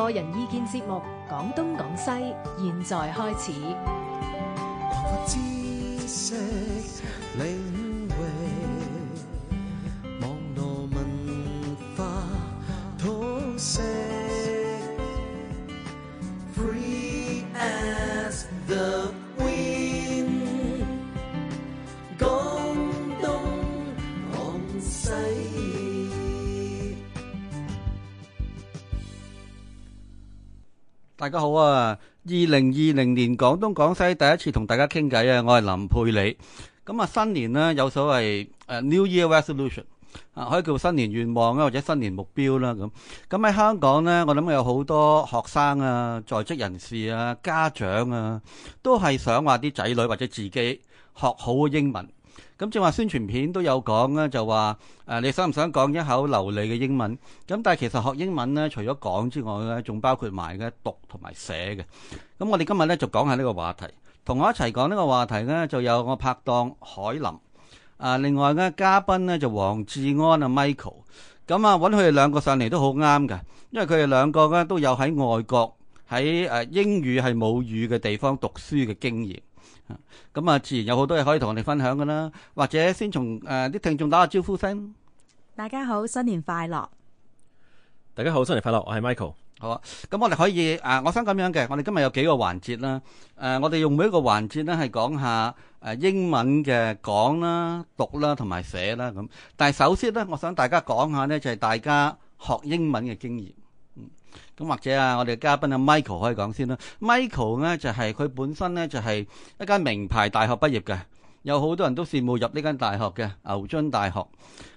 個人意見節目《講東講西》，現在開始。 大家好啊！二零二零年廣東廣西第一次同大家傾偈啊，我係林沛理。咁啊，新年呢，有所謂 New Year Resolution 啊，可以叫新年願望啊，或者新年目標啦咁。咁喺香港呢，我諗有好多學生啊、在職人士啊、家長啊，都係想話啲仔女或者自己學好英文。咁正係話宣傳片都有講啦，就話誒、啊、你想唔想講一口流利嘅英文？咁但係其實學英文呢，除咗講之外呢，仲包括埋咧讀同埋寫嘅。咁我哋今日呢，就講下呢個話題，同我一齊講呢個話題呢，就有我拍檔海林，啊，另外呢，嘉賓呢，就黃志安 Michael, 啊 Michael，咁啊揾佢哋兩個上嚟都好啱嘅，因為佢哋兩個呢，都有喺外國喺誒英語係母語嘅地方讀書嘅經驗。咁啊，自然有好多嘢可以同我哋分享噶啦。或者先從誒啲聽眾打個招呼先。大家好，新年快樂！大家好，新年快樂！我係 Michael。好啊，咁我哋可以啊，我想咁樣嘅，我哋今日有幾個環節啦。誒，我哋用每一個環節咧係講下誒英文嘅講啦、讀啦同埋寫啦咁。但係首先咧，我想大家講下咧，就係大家學英文嘅經驗。咁或者啊，我哋嘅嘉賓啊，Michael 可以講先啦。Michael 呢就係、是、佢本身呢，就係、是、一間名牌大學畢業嘅，有好多人都羨慕入呢間大學嘅牛津大學。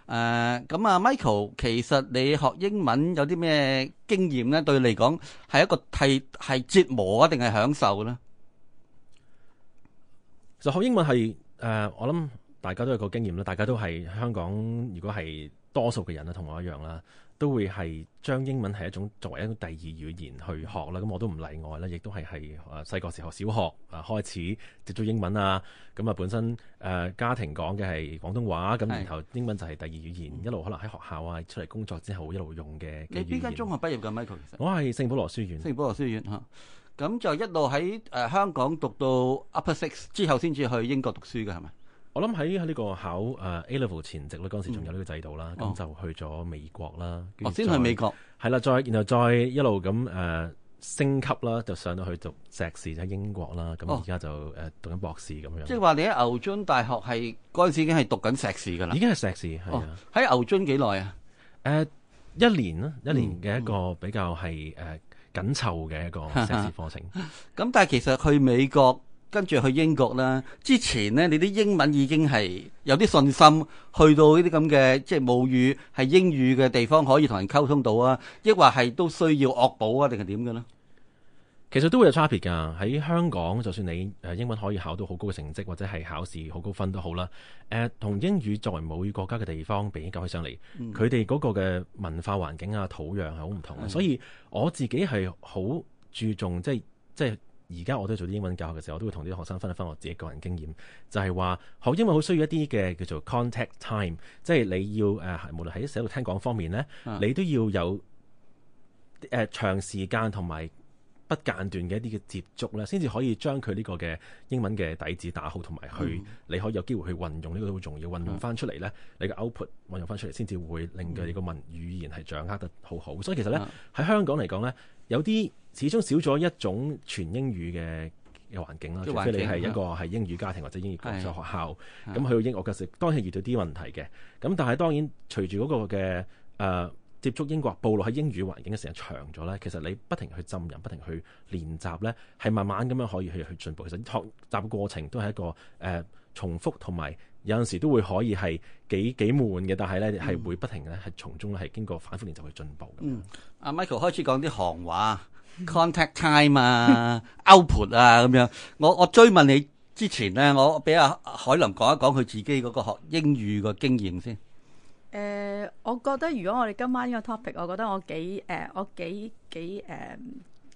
誒、呃，咁啊，Michael，其實你學英文有啲咩經驗呢？對你嚟講係一個係係折磨啊，定係享受呢？就學英文係誒、呃，我諗大家都有個經驗啦，大家都係香港，如果係多數嘅人啊，同我一樣啦。都會係將英文係一種作為一種第二語言去學啦，咁我都唔例外啦，亦都係係誒細個時候小學啊開始接觸英文啊，咁啊本身誒家庭講嘅係廣東話，咁然後英文就係第二語言，是一路可能喺學校啊出嚟工作之後一路用嘅嘅語言。你邊間中學畢業嘅 Michael？其實我係聖保羅書院。聖保羅書院嚇，咁就一路喺誒香港讀到 Upper Six 之後，先至去英國讀書嘅係咪？我諗喺喺呢個考誒 A level 前夕，咧，嗰陣時仲有呢個制度啦，咁就去咗美國啦。哦，先去美國係啦，再然後再一路咁誒、呃、升級啦，就上到去讀碩士喺英國啦。咁而家就誒讀緊博士咁、哦、樣。即係話你喺牛津大學係嗰陣時已經係讀緊碩士噶啦，已經係碩士係啊。喺、哦、牛津幾耐啊？誒、呃，一年啦，一年嘅、嗯、一,一個比較係誒緊湊嘅一個碩士課程。咁但係其實去美國。跟住去英國啦。之前呢，你啲英文已經係有啲信心，去到呢啲咁嘅即係母語係英語嘅地方，可以同人溝通到啊，抑或係都需要惡補啊，定係點嘅呢？其實都會有差別㗎。喺香港，就算你誒英文可以考到好高嘅成績，或者係考試好高分都好啦。誒、呃，同英語作為母語國家嘅地方比較起上嚟，佢哋嗰個嘅文化環境啊、土壤係好唔同嘅。嗯、所以我自己係好注重即係即係。即而家我都做啲英文教學嘅時候，我都會同啲學生分一分我自己個人經驗，就係話學英文好需要一啲嘅叫做 contact time，即係你要誒無論喺寫、喺聽講方面咧，你都要有誒長時間同埋不間斷嘅一啲嘅接觸咧，先至可以將佢呢個嘅英文嘅底子打好，同埋去你可以有機會去運用呢個都好重要，運用翻出嚟咧，你嘅 output 運用翻出嚟，先至會令到你個文語言係掌握得好好。所以其實咧喺香港嚟講咧，有啲始終少咗一種全英語嘅嘅環境啦，除非你係一個係英語家庭或者英語國際的學校，咁的去到英國嘅時，當然遇到啲問題嘅，咁但係當然隨住嗰個嘅誒、呃、接觸英國、暴露喺英語環境嘅時間長咗咧，其實你不停去浸淫、不停去練習咧，係慢慢咁樣可以去去進步。其實學習嘅過程都係一個誒、呃、重複同埋有陣時都會可以係幾幾悶嘅，但係咧係會不停咧係從中咧係經過反覆練習去進步。阿、嗯嗯啊、Michael 開始講啲行話。Contact time 啊，output 啊，咁樣。我我追問你之前咧，我俾阿海林講一講佢自己嗰個學英語個經驗先。誒、呃，我覺得如果我哋今晚呢個 topic，我覺得我幾誒、呃，我幾幾誒，幾、呃、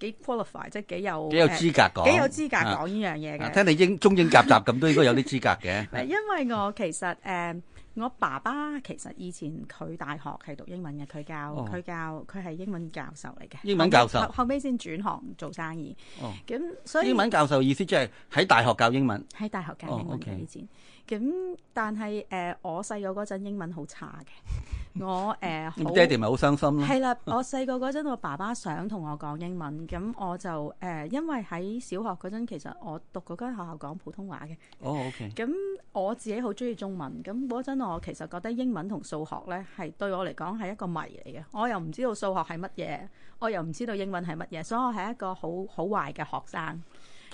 幾 qualify 即係幾有幾有資格講，呃、幾有資格講呢樣嘢嘅。聽你英中英夾雜咁，都應該有啲資格嘅。 因為我其實誒、呃我爸爸其實以前佢大學係讀英文嘅，佢教佢、哦、教佢係英文教授嚟嘅。英文教授後後尾先轉行做生意。哦，咁所以英文教授意思即係喺大學教英文。喺大學教英文嘅、哦 okay. 以前。咁但係誒、呃，我細個嗰陣英文好差嘅，我誒好爹哋咪好傷心咯。係啦，我細個嗰陣我爸爸想同我講英文，咁我就誒、呃，因為喺小學嗰陣其實我讀嗰間學校講普通話嘅。哦、oh，OK。咁我自己好中意中文，咁嗰陣我其實覺得英文同數學咧係對我嚟講係一個謎嚟嘅。我又唔知道數學係乜嘢，我又唔知道英文係乜嘢，所以我係一個好好壞嘅學生。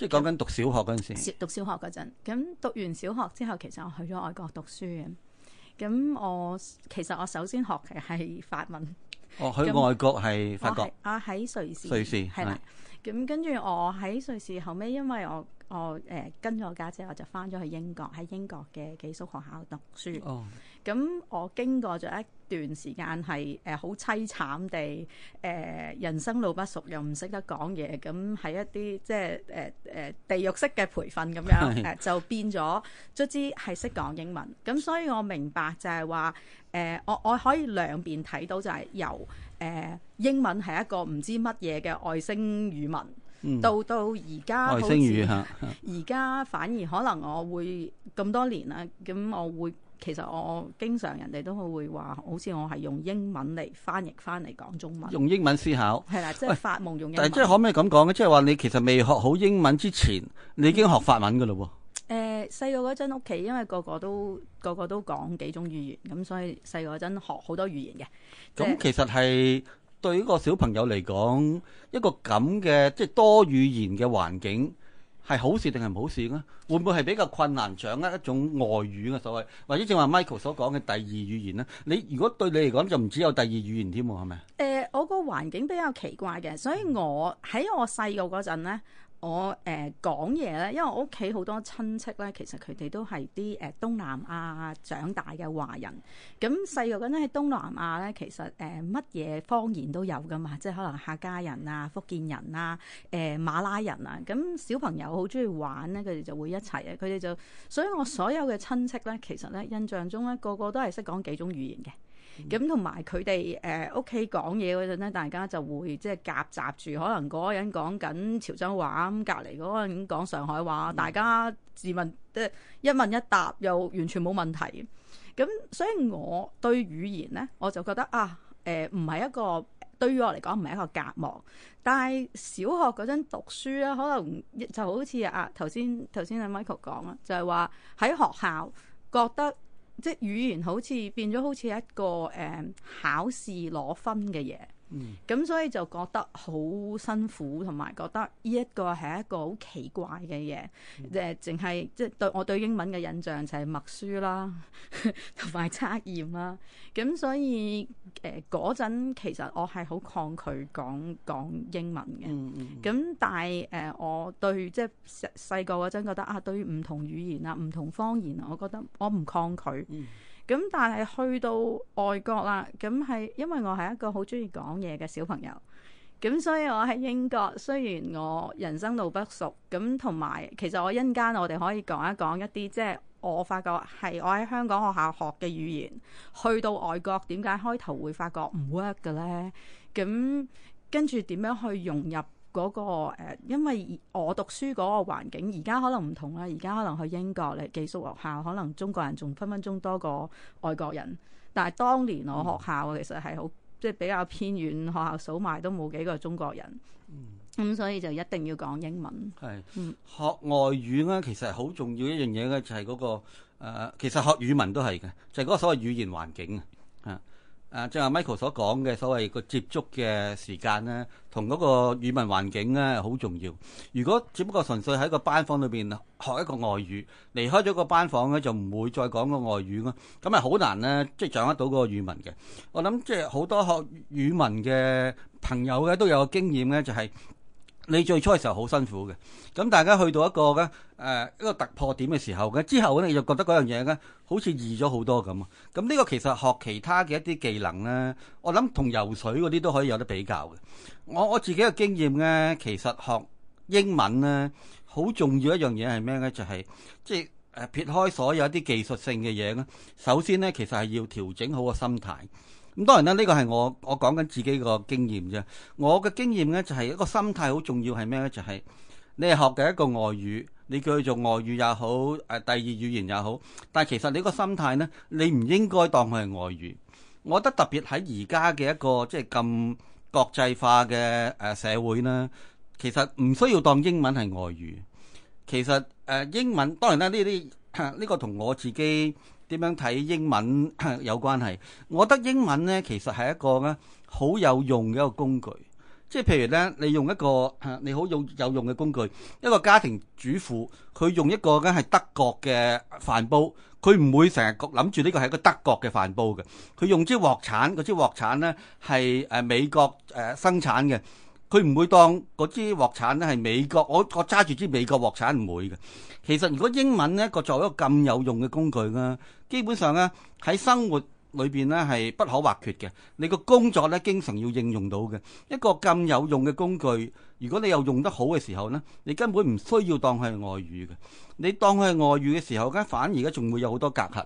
即係講緊讀小學嗰陣時，讀小學嗰陣，咁讀完小學之後，其實我去咗外國讀書嘅。咁我其實我首先學嘅係法文。哦，去外國係法國。啊，喺瑞士。瑞士係啦。咁跟住我喺瑞士後尾，因為我我誒、呃、跟咗我家姐姐，我就翻咗去英國，喺英國嘅寄宿學校讀書。哦。咁我經過咗一段時間，係誒好凄慘地誒、呃，人生路不熟，又唔識得講嘢，咁喺一啲即係誒誒地獄式嘅培訓咁樣，誒、 呃、就變咗卒之係識講英文。咁所以我明白就係話誒，我我可以兩邊睇到就係由誒、呃、英文係一個唔知乜嘢嘅外星語文，嗯、到到而家外星語嚇，而家反而可能我會咁多年啦，咁我會。其實我我經常人哋都會話，好似我係用英文嚟翻譯翻嚟講中文，用英文思考，係啦，即係發夢用英文。但係即係可唔可以咁講咧？即係話你其實未學好英文之前，你已經學法文嘅咯喎。誒細個嗰陣屋企，因為個個都個個都講幾種語言，咁所以細個嗰陣學好多語言嘅。咁其實係對一個小朋友嚟講，一個咁嘅即係多語言嘅環境。係好事定係唔好事咧？會唔會係比較困難掌握一種外語嘅所謂，或者正話 Michael 所講嘅第二語言咧？你如果對你嚟講就唔止有第二語言添喎，係咪啊？誒、呃，我個環境比較奇怪嘅，所以我喺我細個嗰陣咧。我誒講嘢咧，因為我屋企好多親戚咧，其實佢哋都係啲誒東南亞長大嘅華人。咁細個嗰陣喺東南亞咧，其實誒乜嘢方言都有㗎嘛，即係可能客家人啊、福建人啊、誒、呃、馬拉人啊。咁小朋友好鍾意玩咧，佢哋就會一齊啊，佢哋就，所以我所有嘅親戚咧，其實咧印象中咧，個個都係識講幾種語言嘅。咁同埋佢哋誒屋企講嘢嗰陣咧，大家就會即係夾雜住，可能嗰個人講緊潮州話，咁隔離嗰個人講上海話，嗯、大家自問即係一問一答又完全冇問題。咁所以我對語言咧，我就覺得啊誒，唔係、呃、係一個對於我嚟講唔係一個隔膜，但係小學嗰陣讀書咧，可能就好似啊，頭先頭先阿 Michael 講啊，就係話喺學校覺得。即語言好似變咗，好似一個誒、um, 考試攞分嘅嘢。咁、嗯、所以就覺得好辛苦，同埋覺得呢一個係一個好奇怪嘅嘢。誒、嗯，淨係即對我對英文嘅印象就係默書啦，同 埋測驗啦。咁所以誒嗰陣其實我係好抗拒講講英文嘅。咁、嗯嗯、但係誒、呃，我對即細細個嗰陣覺得啊，對於唔同語言啊、唔同方言，我覺得我唔抗拒。嗯咁但係去到外國啦，咁係因為我係一個好中意講嘢嘅小朋友，咁所以我喺英國，雖然我人生路不熟，咁同埋其實我一陣間我哋可以講一講一啲，即係我發覺係我喺香港學校學嘅語言，去到外國點解開頭會發覺唔 work 嘅咧？咁跟住點樣去融入？嗰、嗰個因為我讀書嗰個環境，而家可能唔同啦。而家可能去英國嚟寄宿學校，可能中國人仲分分鐘多過外國人。但係當年我學校其實係好，嗯、即係比較偏遠學校數，數埋都冇幾個中國人。嗯，咁、嗯、所以就一定要講英文。係是，嗯、學外語呢、啊，其實好重要一樣嘢嘅，就係嗰個其實學語文都係嘅，就係、是、嗰個所謂語言環境。誒，即係 Michael 所講嘅所謂個接觸嘅時間咧，同嗰個語文環境咧，好重要。如果只不過純粹喺個班房裏邊學一個外語，離開咗個班房咧，就唔會再講個外語咯。咁咪好難咧，即係掌握到嗰個語文嘅。我諗即係好多學語文嘅朋友咧，都有個經驗咧，就係、是。你最初嘅時候好辛苦嘅，咁大家去到一個嘅誒、呃、一個突破點嘅時候嘅之後咧，你就覺得嗰樣嘢咧，好似易咗好多咁。咁呢個其實學其他嘅一啲技能咧，我諗同游水嗰啲都可以有得比較嘅。我我自己嘅經驗咧，其實學英文咧，好重要一樣嘢係咩咧？就係、是、即係誒撇開所有一啲技術性嘅嘢咧，首先咧其實係要調整好個心態。咁當然啦，呢、這個係我我講緊自己個經驗啫。我嘅經驗呢，就係、是、一個心態好重要係咩咧？就係、是、你係學嘅一個外語，你叫佢做外語也好，誒第二語言也好。但係其實你個心態呢，你唔應該當佢係外語。我覺得特別喺而家嘅一個即係咁國際化嘅誒社會呢，其實唔需要當英文係外語。其實誒、呃、英文，當然啦，呢啲呢個同、這個、我自己。點樣睇英文有關係？我覺得英文呢，其實係一個呢好有用嘅一個工具。即係譬如呢，你用一個你好用有用嘅工具，一個家庭主婦佢用一個咧係德國嘅飯煲，佢唔會成日諗住呢個係一個德國嘅飯煲嘅。佢用支鍋鏟，嗰支鍋鏟呢係誒美國誒生產嘅，佢唔會當嗰支鍋鏟呢係美國，我我揸住支美國鍋鏟唔會嘅。其實如果英文呢個作為一個咁有用嘅工具啦，基本上呢喺生活裏邊呢係不可或缺嘅。你個工作呢經常要應用到嘅一個咁有用嘅工具，如果你又用得好嘅時候呢，你根本唔需要當佢係外語嘅。你當佢係外語嘅時候，咁反而呢仲會有好多隔閡。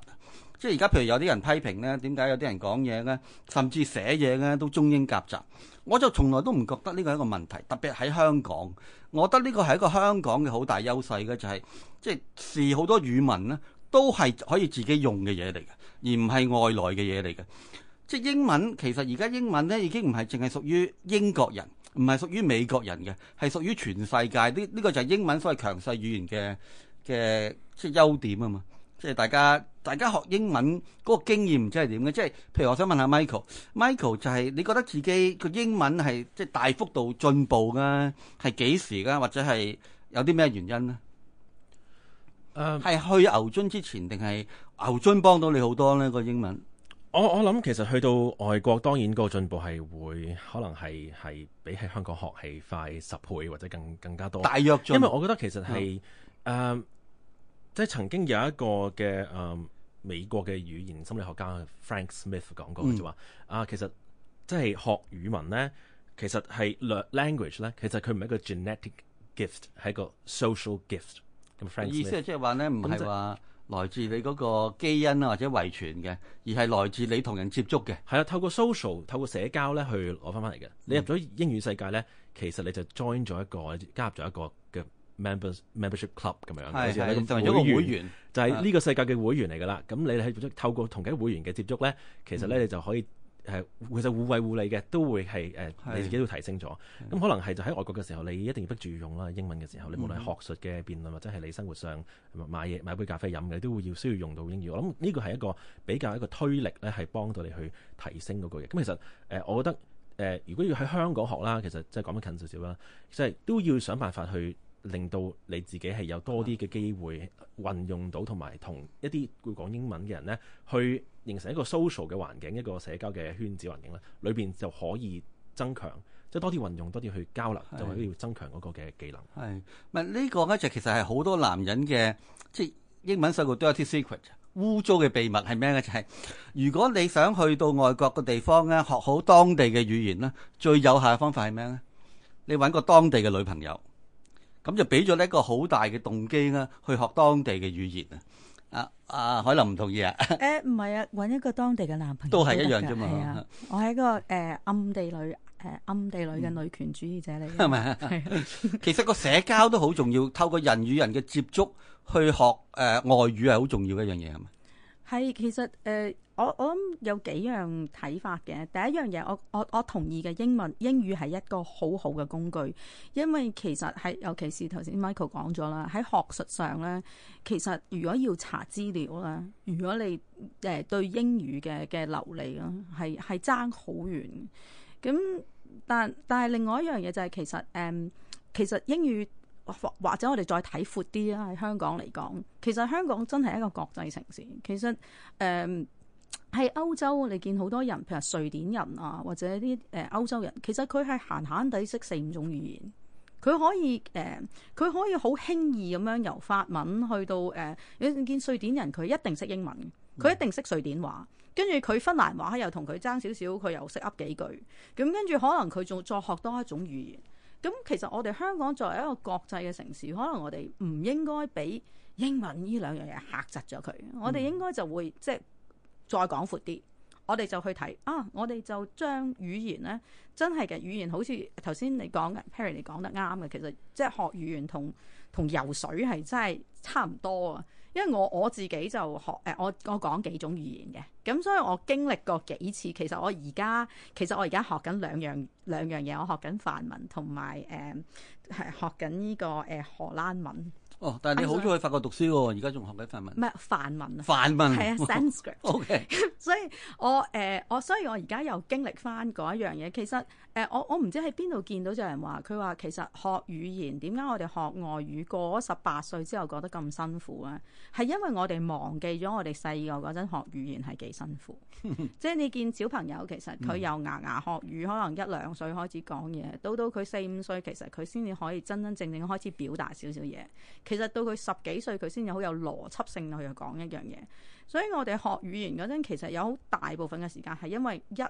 即係而家譬如有啲人批評呢，點解有啲人講嘢呢，甚至寫嘢呢都中英夾雜。我就從來都唔覺得呢個係一個問題，特別喺香港，我覺得呢個係一個香港嘅好大優勢嘅，就係即係是好、就是、多語文呢都係可以自己用嘅嘢嚟嘅，而唔係外來嘅嘢嚟嘅。即英文，其實而家英文呢已經唔係淨係屬於英國人，唔係屬於美國人嘅，係屬於全世界。呢、這、呢個就係英文所謂強勢語言嘅嘅即係優點啊嘛，即係大家。大家學英文嗰個經驗唔知係點嘅？即係譬如我想問下 Michael，Michael Michael 就係你覺得自己個英文係即係大幅度進步嘅，係幾時嘅？或者係有啲咩原因咧？誒、嗯，係去牛津之前定係牛津幫到你好多呢個英文，我我諗其實去到外國，當然個進步係會可能係係比喺香港學起快十倍或者更更加多。大約，因為我覺得其實係誒、嗯嗯，即係曾經有一個嘅誒。嗯美國嘅語言心理學家 Frank Smith 講過就話、嗯、啊，其實即係學語文咧，其實係 language 咧，其實佢唔係一個 genetic gift，係一個 social gift。咁 Frank 意思係、嗯、即係話咧，唔係話來自你嗰個基因啊或者遺傳嘅，而係來自你同人接觸嘅。係啊，透過 social，透過社交咧去攞翻翻嚟嘅。嗯、你入咗英語世界咧，其實你就 join 咗一個，加入咗一個。members membership club 咁樣是，有時係一個會員，就係呢個世界嘅會員嚟㗎啦。咁是的 你係透過同啲會員嘅接觸咧，其實咧、嗯、你就可以誒，其實互惠互利嘅都會係誒是的 你自己都提升咗。咁是的 可能係就喺外國嘅時候，你一定要逼住要用啦。英文嘅時候，你無論係學術嘅辯論或者係你生活上買嘢買杯咖啡飲嘅，都會要需要用到英語。我諗呢個係一個比較一個推力咧，係幫到你去提升嗰個嘢。咁其實誒、呃，我覺得誒、呃呃，如果要喺香港學啦，其實即係講得近少少啦，即係都要想辦法去。令到你自己係有多啲嘅機會運用到，同埋同一啲會講英文嘅人呢，去形成一個 social 嘅環境，一個社交嘅圈子環境呢，裏邊就可以增強即係、就是、多啲運用，多啲去交流，是就要增強嗰個嘅技能係唔係呢個？就其實係好多男人嘅即係英文世界都有啲 secret 污糟嘅秘密係咩呢？就係、是、如果你想去到外國嘅地方呢，學好當地嘅語言呢，最有效嘅方法係咩呢？你揾個當地嘅女朋友。咁就俾咗呢一個好大嘅動機啦，去學當地嘅語言啊！啊、欸、啊，海琳唔同意啊？誒唔係啊，搵一個當地嘅男朋友都係一樣啫嘛、啊。我係一個誒、呃、暗地裡誒、呃、暗地裡嘅女權主義者嚟嘅。係咪、嗯、吧啊？啊其實個社交都好重要， 透過人與人嘅接觸去學誒、呃、外語係好重要嘅一樣嘢，係咪？係，其實誒、呃，我我諗有幾樣睇法嘅。第一樣嘢，我我我同意嘅，英文英語係一個好好嘅工具，因為其實係，尤其是頭先 Michael 講咗啦，喺學術上咧，其實如果要查資料啦，如果你誒、呃、對英語嘅嘅流利咯，係係爭好遠。咁但但係另外一樣嘢就係、是、其實誒、呃，其實英語。或者我哋再睇闊啲啦，喺香港嚟講，其實香港真係一個國際城市。其實誒，喺、嗯、歐洲你見好多人，譬如瑞典人啊，或者啲誒、嗯、歐洲人，其實佢係閒閒地識四五種語言，佢可以誒，佢、嗯、可以好輕易咁樣由法文去到誒。你、嗯、見瑞典人佢一定識英文，佢一定識瑞典話，跟住佢芬蘭話又同佢爭少少，佢又識噏幾句。咁跟住可能佢仲再學多一種語言。咁其實我哋香港作為一個國際嘅城市，可能我哋唔應該俾英文呢兩樣嘢嚇窒咗佢。嗯、我哋應該就會即係、就是、再廣闊啲，我哋就去睇啊！我哋就將語言呢，真係嘅語言好似頭先你講嘅，Perry 你講得啱嘅，其實即係學語言同同游水係真係差唔多啊！因為我我自己就學誒、呃，我我講幾種語言嘅，咁所以我經歷過幾次。其實我而家其實我而家學緊兩樣兩樣嘢，我學緊梵文同埋誒係學緊呢、這個誒、呃、荷蘭文。哦，但係你好中意去法國讀書喎，哦，而家仲學緊法文。唔係梵文啊，梵文係文啊，Sanskrit。 O.K. 所以我誒我、呃，所以我而家又經歷翻嗰一樣嘢。其實誒、呃，我我唔知喺邊度見到有人話，佢話其實學語言點解我哋學外語過咗十八歲之後覺得咁辛苦咧？係因為我哋忘記咗我哋細個嗰陣學語言係幾辛苦。即係 你見小朋友其實佢又牙牙學語，可能一兩歲開始講嘢，到到佢四五歲，其實佢先至可以真真正正開始表達少少嘢。其實到佢十幾歲，佢先有好有邏輯性去講一樣嘢，所以我哋學語言嗰陣，其實有好大部分嘅時間係因為一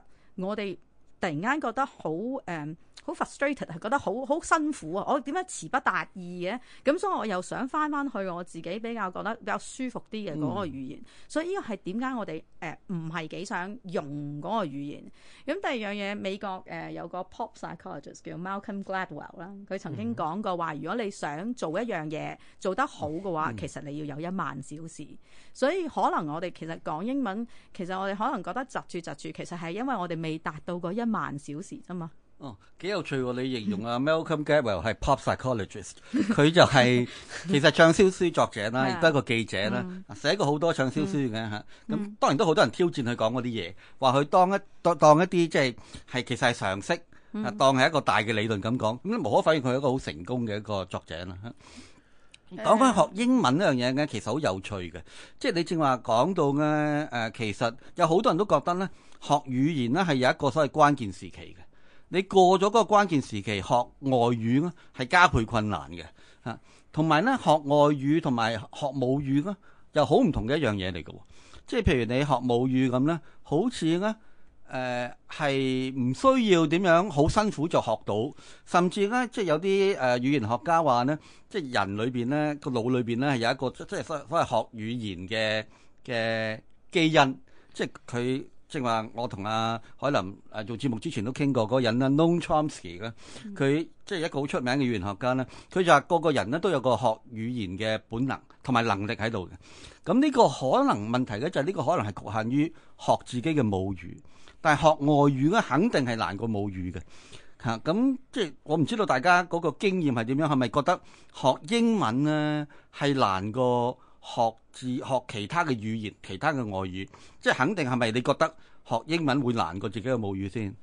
我哋。突然間覺得好誒，好、um, frustrated，係覺得好好辛苦啊！我點解詞不達意嘅？咁所以我又想翻翻去我自己比較覺得比較舒服啲嘅嗰個語言。嗯、所以呢個係點解我哋誒唔係幾想用嗰個語言。咁第二樣嘢，美國誒有個 pop psychologist 叫 Malcolm Gladwell 啦，佢曾經講過話，嗯、如果你想做一樣嘢做得好嘅話，嗯、其實你要有一萬小時。所以可能我哋其實講英文，其實我哋可能覺得窒住窒住，其實係因為我哋未達到嗰一萬小時啫嘛。哦，幾有趣喎！你形容啊，Malcolm Gladwell 係 pop psychologist，佢就係其實暢銷書作者啦，亦都係一個記者啦，寫過好多暢銷書嘅吓。咁當然都好多人挑戰佢講嗰啲嘢，話佢當一當當一啲即係係其實係常識，當係一個大嘅理論咁講。咁無可否認，佢係一個好成功嘅一個作者啦。講翻學英文呢樣嘢咧，其實好有趣嘅，即係你正話講到嘅誒，其實有好多人都覺得咧。學語言咧係有一個所謂關鍵時期嘅。你過咗嗰個關鍵時期，學外語咧係加倍困難嘅。嚇，同埋咧學外語同埋學母語咧又好唔同嘅一樣嘢嚟㗎。即係譬如你學母語咁咧，好似咧誒係唔需要點樣好辛苦就學到，甚至咧即係有啲誒語言學家話咧，即係人裏邊咧個腦裏邊咧係有一個即係即所謂學語言嘅嘅基因，即係佢。正話，我同阿海林誒做節目之前都傾過，嗰人啦 Noam Chomsky 咧，佢即係一個好出名嘅語言學家咧。佢就話個個人咧都有個學語言嘅本能同埋能力喺度嘅。咁呢個可能問題咧，就係呢個可能係局限於學自己嘅母語，但係學外語咧肯定係難過母語嘅嚇。咁即係我唔知道大家嗰個經驗係點樣，係咪覺得學英文咧係難過？學字學其他嘅語言，其他嘅外語，即係肯定係咪？你覺得學英文會難過自己嘅母語先？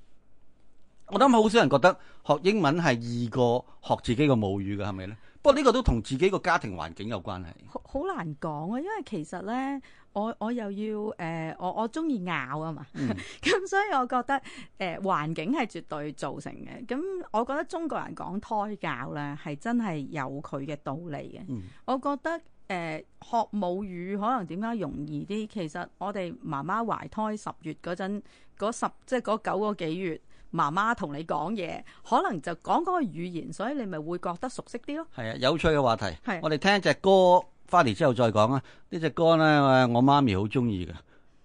我覺得好少人覺得學英文係易過學自己嘅母語嘅，係咪呢？不過呢個都同自己個家庭環境有關係。好難講啊，因為其實呢，我我又要誒、呃，我我中意咬啊嘛，咁、嗯、 所以我覺得誒，環、呃、境係絕對造成嘅。咁我覺得中國人講胎教呢，係真係有佢嘅道理嘅。嗯、我覺得。誒，學母語可能點解容易啲？其實我哋媽媽懷胎十月嗰陣，嗰十即係嗰九個幾月，媽媽同你講嘢，可能就講嗰個語言，所以你咪會覺得熟悉啲咯。係啊，有趣嘅話題。係的，我哋聽一隻歌翻嚟之後再講啊。呢隻歌呢，我媽咪好中意嘅。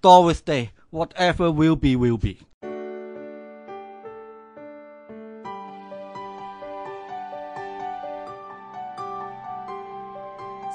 Doris Day，whatever will be will be。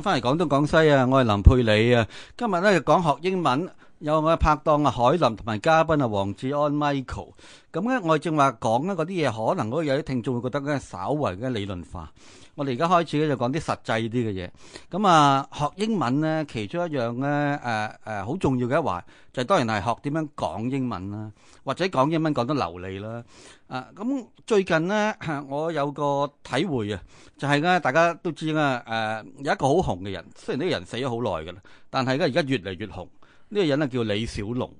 翻嚟廣東廣西啊，我係林沛理啊，今日咧講學英文，有我拍檔啊，海林同埋嘉賓啊黃志安 Michael，咁咧我正話講咧嗰啲嘢，可能有啲聽眾會覺得咧稍為嘅理論化。我哋而家開始咧就講啲實際啲嘅嘢，咁啊學英文咧，其中一樣咧誒誒好重要嘅一環就當然係學點樣講英文啦，或者講英文講得流利啦。啊，咁最近咧我有個體會啊，就係咧大家都知啊，誒有一個好紅嘅人，雖然呢個人死咗好耐噶啦，但係而家而家越嚟越紅。呢個人咧叫李小龍。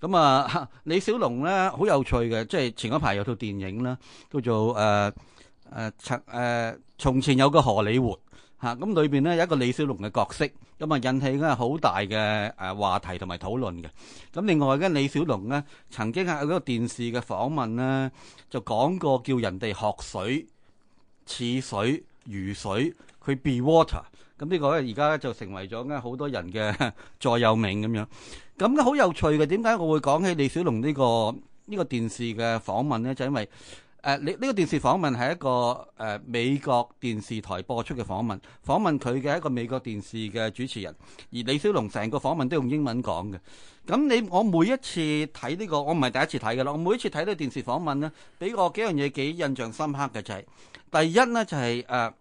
咁啊，李小龍咧好有趣嘅，即係前一排有套電影啦，叫做誒誒拆誒。從前有個荷里活。吓，咁裏邊咧有一個李小龍嘅角色，咁啊引起咧好大嘅誒話題同埋討論嘅。咁另外咧，李小龍咧曾經喺嗰個電視嘅訪問咧就講過，叫人哋學水、似水、如水，佢 be water。咁呢個咧而家就成為咗咧好多人嘅座右銘咁樣。咁咧好有趣嘅，點解我會講起李小龍呢個呢個電視嘅訪問咧？就因為。誒，你呢個電視訪問係一個誒美國電視台播出嘅訪問，訪問佢嘅一個美國電視嘅主持人，而李小龍成個訪問都用英文講嘅。咁你我每一次睇呢個，我唔係第一次睇㗎喇，我每一次睇呢個電視訪問咧，俾我幾樣嘢幾印象深刻嘅就係，第一咧就係誒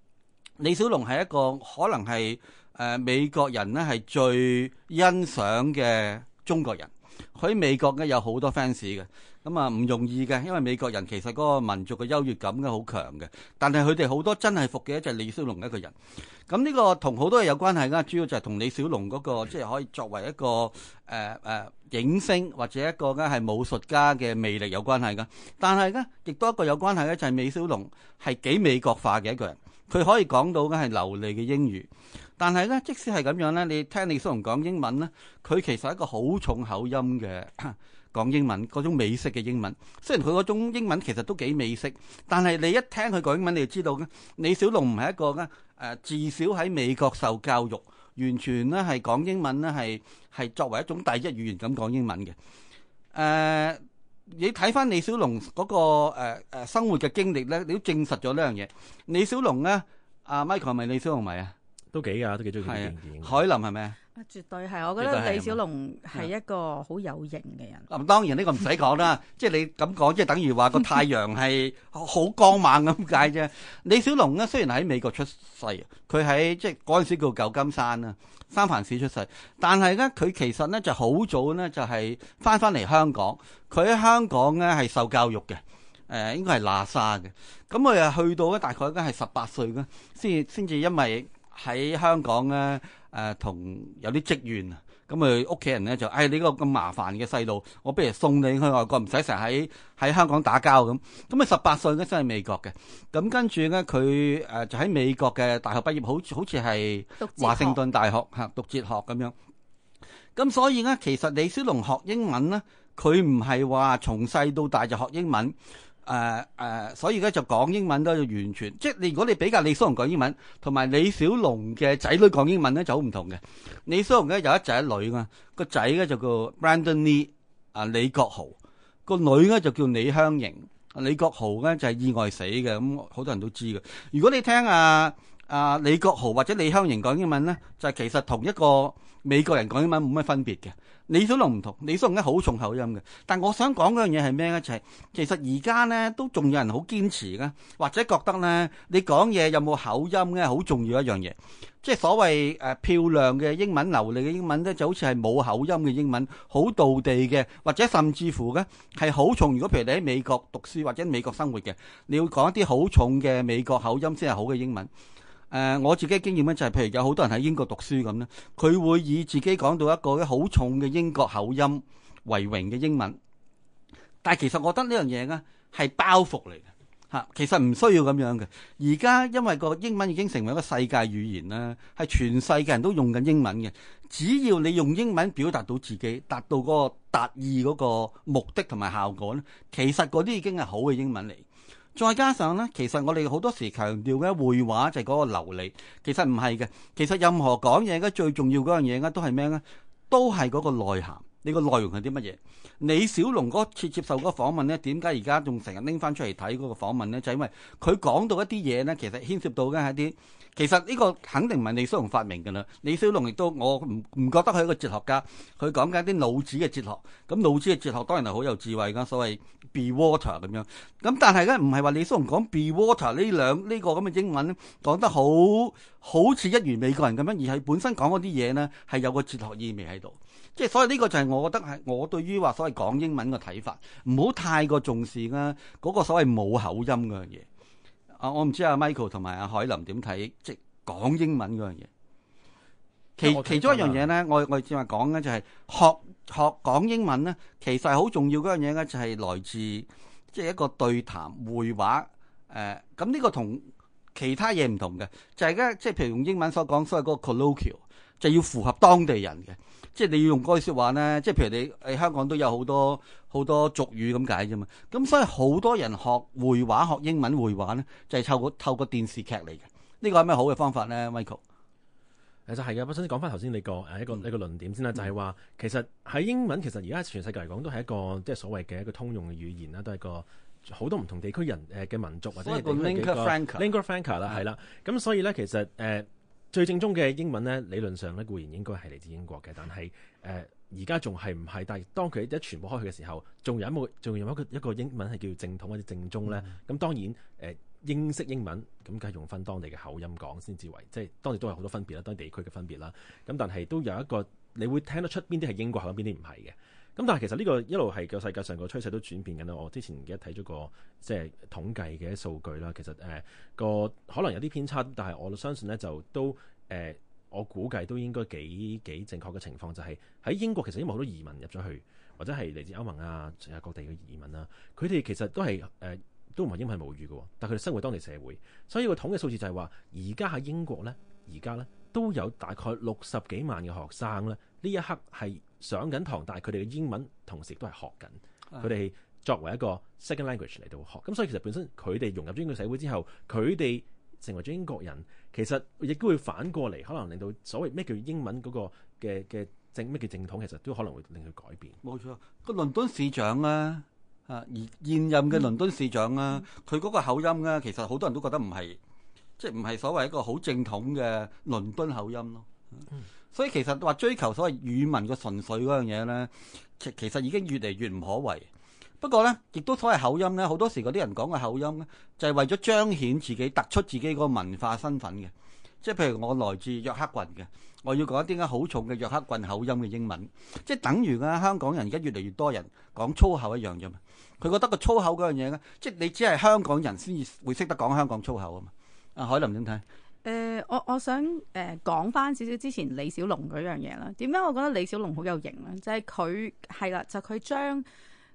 李小龍係一個可能係誒美國人咧係最欣賞嘅中國人，佢喺美國咧有好多 fans 嘅。咁啊，唔容易嘅，因為美國人其實嗰個民族嘅優越感咧好強嘅。但係佢哋好多真係服嘅，就係李小龍一個人。咁呢個同好多嘢有關係嘅，主要就係同李小龍嗰、那個即係、就是、可以作為一個誒誒、呃啊、影星或者一個嘅係武術家嘅魅力有關係嘅。但係咧，亦都一個有關係咧，就係李小龍係幾美國化嘅一個人。佢可以講到嘅係流利嘅英語。但係咧，即使係咁樣咧，你聽李小龍講英文咧，佢其實係一個好重口音嘅。 講英文嗰種美式嘅英文，雖然佢嗰種英文其實都幾美式，但係你一聽佢講英文，你就知道咧，李小龍唔係一個咧，誒，至少喺美國受教育，完全咧係講英文咧係係作為一種第一語言咁講英文嘅。誒，你睇返李小龍嗰個誒誒生活嘅經歷咧，你都證實咗呢樣嘢。李小龍咧，阿 Michael 係咪李小龍迷啊？都幾㗎，都幾中意佢嘅電影。海林係咪啊？絕對係，我覺得李小龍係一個好有型嘅人。咁當然呢個唔使講啦，即係你咁講，即係等於話個太陽係好光猛咁解啫。李小龍呢，雖然喺美國出世，佢喺即係嗰陣時叫舊金山啦，三藩市出世，但係呢，佢其實呢就好早呢就係翻翻嚟香港。佢喺香港呢係受教育嘅，誒，應該係喇沙嘅。咁佢去到咧大概咧應該係十八歲咧，先至因為喺香港呢。誒同、啊、有啲職員啊，咁佢屋企人呢，就哎，你個咁麻煩嘅細路，我不如送你去外國，唔使成日喺喺香港打交咁。咁啊、嗯，十八歲呢先去美國嘅，咁、嗯、跟住呢，佢誒就喺美國嘅大學畢業，好好似係華盛頓大學吓讀哲學咁、嗯、樣。咁、嗯、所以呢，其實李小龍學英文呢，佢唔係話從細到大就學,學英文。誒誒，uh, uh, 所以咧，就講英文都完全即係你。如果你比較李小龍講英文同埋李小龍嘅仔女講英文咧，就好唔同嘅。李小龍咧有一仔一女啊，個仔咧就叫 Brandon Lee 啊，李國豪。個女咧就叫李香凝。李國豪咧就係、是、意外死嘅，咁、嗯、好多人都知嘅。如果你聽阿阿、啊啊、李國豪或者李香凝講英文咧，就係其實同一個美國人講英文冇乜分別嘅，李小龍唔同，李小龍咧好重口音嘅。但我想講嗰樣嘢係咩呢？就係其實而家呢，都仲有人好堅持嘅，或者覺得呢，你講嘢有冇口音呢？好重要一樣嘢，即係所謂誒、呃、漂亮嘅英文流利嘅英文呢，就好似係冇口音嘅英文，好道地嘅，或者甚至乎呢，係好重。如果譬如你喺美國讀書或者美國生活嘅，你要講一啲好重嘅美國口音先係好嘅英文。誒、呃、我自己經驗咧、就係，就係譬如有好多人喺英國讀書咁呢，佢會以自己講到一個好重嘅英國口音為榮嘅英文。但係其實我覺得呢樣嘢呢，係包袱嚟嘅嚇，其實唔需要咁樣嘅。而家因為個英文已經成為一個世界語言啦，係全世界人都用緊英文嘅。只要你用英文表達到自己，達到嗰個達意嗰個目的同埋效果呢，其實嗰啲已經係好嘅英文嚟。再加上呢，其實我哋好多時強調嘅會話就係嗰個流利，其實唔係嘅。其實任何講嘢嘅最重要嗰樣嘢咧，都係咩咧？都係嗰個內涵。你個內容係啲乜嘢？李小龍嗰次接受嗰個訪問咧，點解而家仲成日拎翻出嚟睇嗰個訪問咧？就係、因為佢講到一啲嘢呢，其實牽涉到嘅係一啲，其實呢個肯定唔係李小龍發明㗎啦。李小龍亦都我唔唔覺得佢係一個哲學家，佢講緊啲老子嘅哲學。咁老子嘅哲學當然係好有智慧㗎，所謂 be water 咁樣。咁但係咧，唔係話李小龍講 be water 呢兩呢、呢個咁嘅英文呢講得好好似一如美國人咁樣，而係本身講嗰啲嘢呢，係有個哲學意味喺度。即係所以呢個就係我覺得係我對於話所謂講英文嘅睇法，唔好太過重視啦嗰、那個所謂冇口音嗰樣嘢。啊，我唔知阿、啊、Michael 同埋阿海林點睇即係講英文嗰樣嘢。其其中一樣嘢咧，我我正話講咧就係、是、學學講英文咧，其實係好重要嗰樣嘢咧，就係、是、來自即係一個對談會話。誒，咁、呃、呢個同其他嘢唔同嘅，就係、是、而即係譬如用英文所講所謂嗰個 colloquial。就要符合當地人嘅，即係你要用嗰啲説話咧，即係譬如你喺香港都有好多好多俗語咁解啫嘛。咁所以好多人學會話、學英文會話咧，就係透過透過電視劇嚟嘅。呢個係咩好嘅方法咧？Michael 其實係嘅，我想先講翻頭先你個誒一個你、嗯、個,個論點先啦，就係、是、話其實喺英文其實而家全世界嚟講都係一個即係所謂嘅一個通用嘅語言啦，都係個好多唔同地區人誒嘅民族或者幾個,個 Lingua Franca 啦，係啦。咁所以咧，其實誒。呃最正宗嘅英文呢，理論上咧固然應該係嚟自英國嘅，但係誒而家仲係唔係？但係當佢一傳播開去嘅時候，仲有一個，仲有一個一個英文係叫正統或者正宗呢。咁、嗯、當然誒、呃、英式英文咁，梗係用翻當地嘅口音講先至為，即係當地都有好多分別啦，當地,地區嘅分別啦。咁但係都有一個，你會聽得出邊啲係英國口音，邊啲唔係嘅。咁但係其實呢個一路係個世界上個趨勢都轉變緊啦。我之前記得睇咗個即係、就是、統計嘅一啲數據啦。其實誒、呃、個可能有啲偏差，但係我相信呢，就都誒、呃、我估計都應該幾幾正確嘅情況就係、是、喺英國其實因為好多移民入咗去，或者係嚟自歐盟啊、世界各地嘅移民啦、啊，佢哋其實都係誒、呃、都唔係英文係母語嘅，但係佢哋生活當地社會，所以個統計嘅數字就係話而家喺英國呢，而家呢都有大概六十幾萬嘅學生呢，呢一刻係上緊堂，但係佢哋嘅英文同時都係學緊。佢哋係作為一個 second language 嚟到學，咁所以其實本身佢哋融入咗英國社會之後，佢哋成為咗英國人，其實亦都會反過嚟，可能令到所謂咩叫英文嗰個嘅嘅正咩叫正統，其實都可能會令佢改變。冇錯，個倫敦市長啊，啊而現任嘅倫敦市長啊，佢嗰、嗯、個口音啊，其實好多人都覺得唔係，即係唔係所謂一個好正統嘅倫敦口音咯。嗯。所以其實話追求所謂語文個純粹嗰樣嘢呢，其其實已經越嚟越唔可為。不過呢，亦都所謂口音呢，好多時嗰啲人講嘅口音呢，就係、是、為咗彰顯自己、突出自己嗰個文化身份嘅。即係譬如我來自約克郡嘅，我要講一啲好重嘅約克郡口音嘅英文，即係等於啊香港人而家越嚟越多人講粗口一樣啫嘛。佢覺得個粗口嗰樣嘢呢，即係你只係香港人先至會識得講香港粗口啊嘛。阿海林點睇？誒、呃，我我想誒講翻少少之前李小龍嗰樣嘢啦。點解我覺得李小龍好有型呢？就係佢係啦，就佢、是、將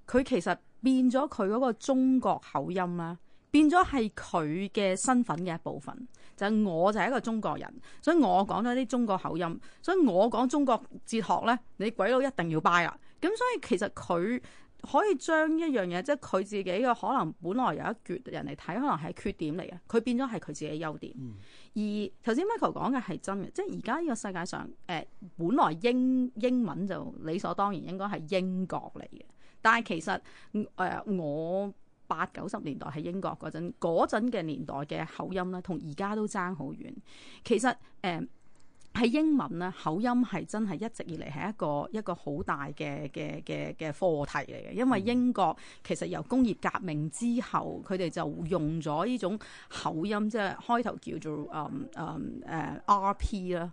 佢其實變咗佢嗰個中國口音啦，變咗係佢嘅身份嘅一部分。就係、是、我就係一個中國人，所以我講咗啲中國口音，所以我講中國哲學呢，你鬼佬一定要拜啦。咁所以其實佢。可以將一樣嘢，即係佢自己嘅可能，本來有一橛人嚟睇，可能係缺點嚟嘅，佢變咗係佢自己優點。嗯、而頭先 Michael 講嘅係真嘅，即係而家呢個世界上，誒、呃，本來英英文就理所當然應該係英國嚟嘅，但係其實誒、呃，我八九十年代喺英國嗰陣，嗰陣嘅年代嘅口音咧，同而家都爭好遠。其實誒、呃喺英文咧，口音係真係一直以嚟係一個一個好大嘅嘅嘅嘅課題嚟嘅，因為英國其實由工業革命之後，佢哋就用咗呢種口音，即係開頭叫做誒誒誒 RP 啦。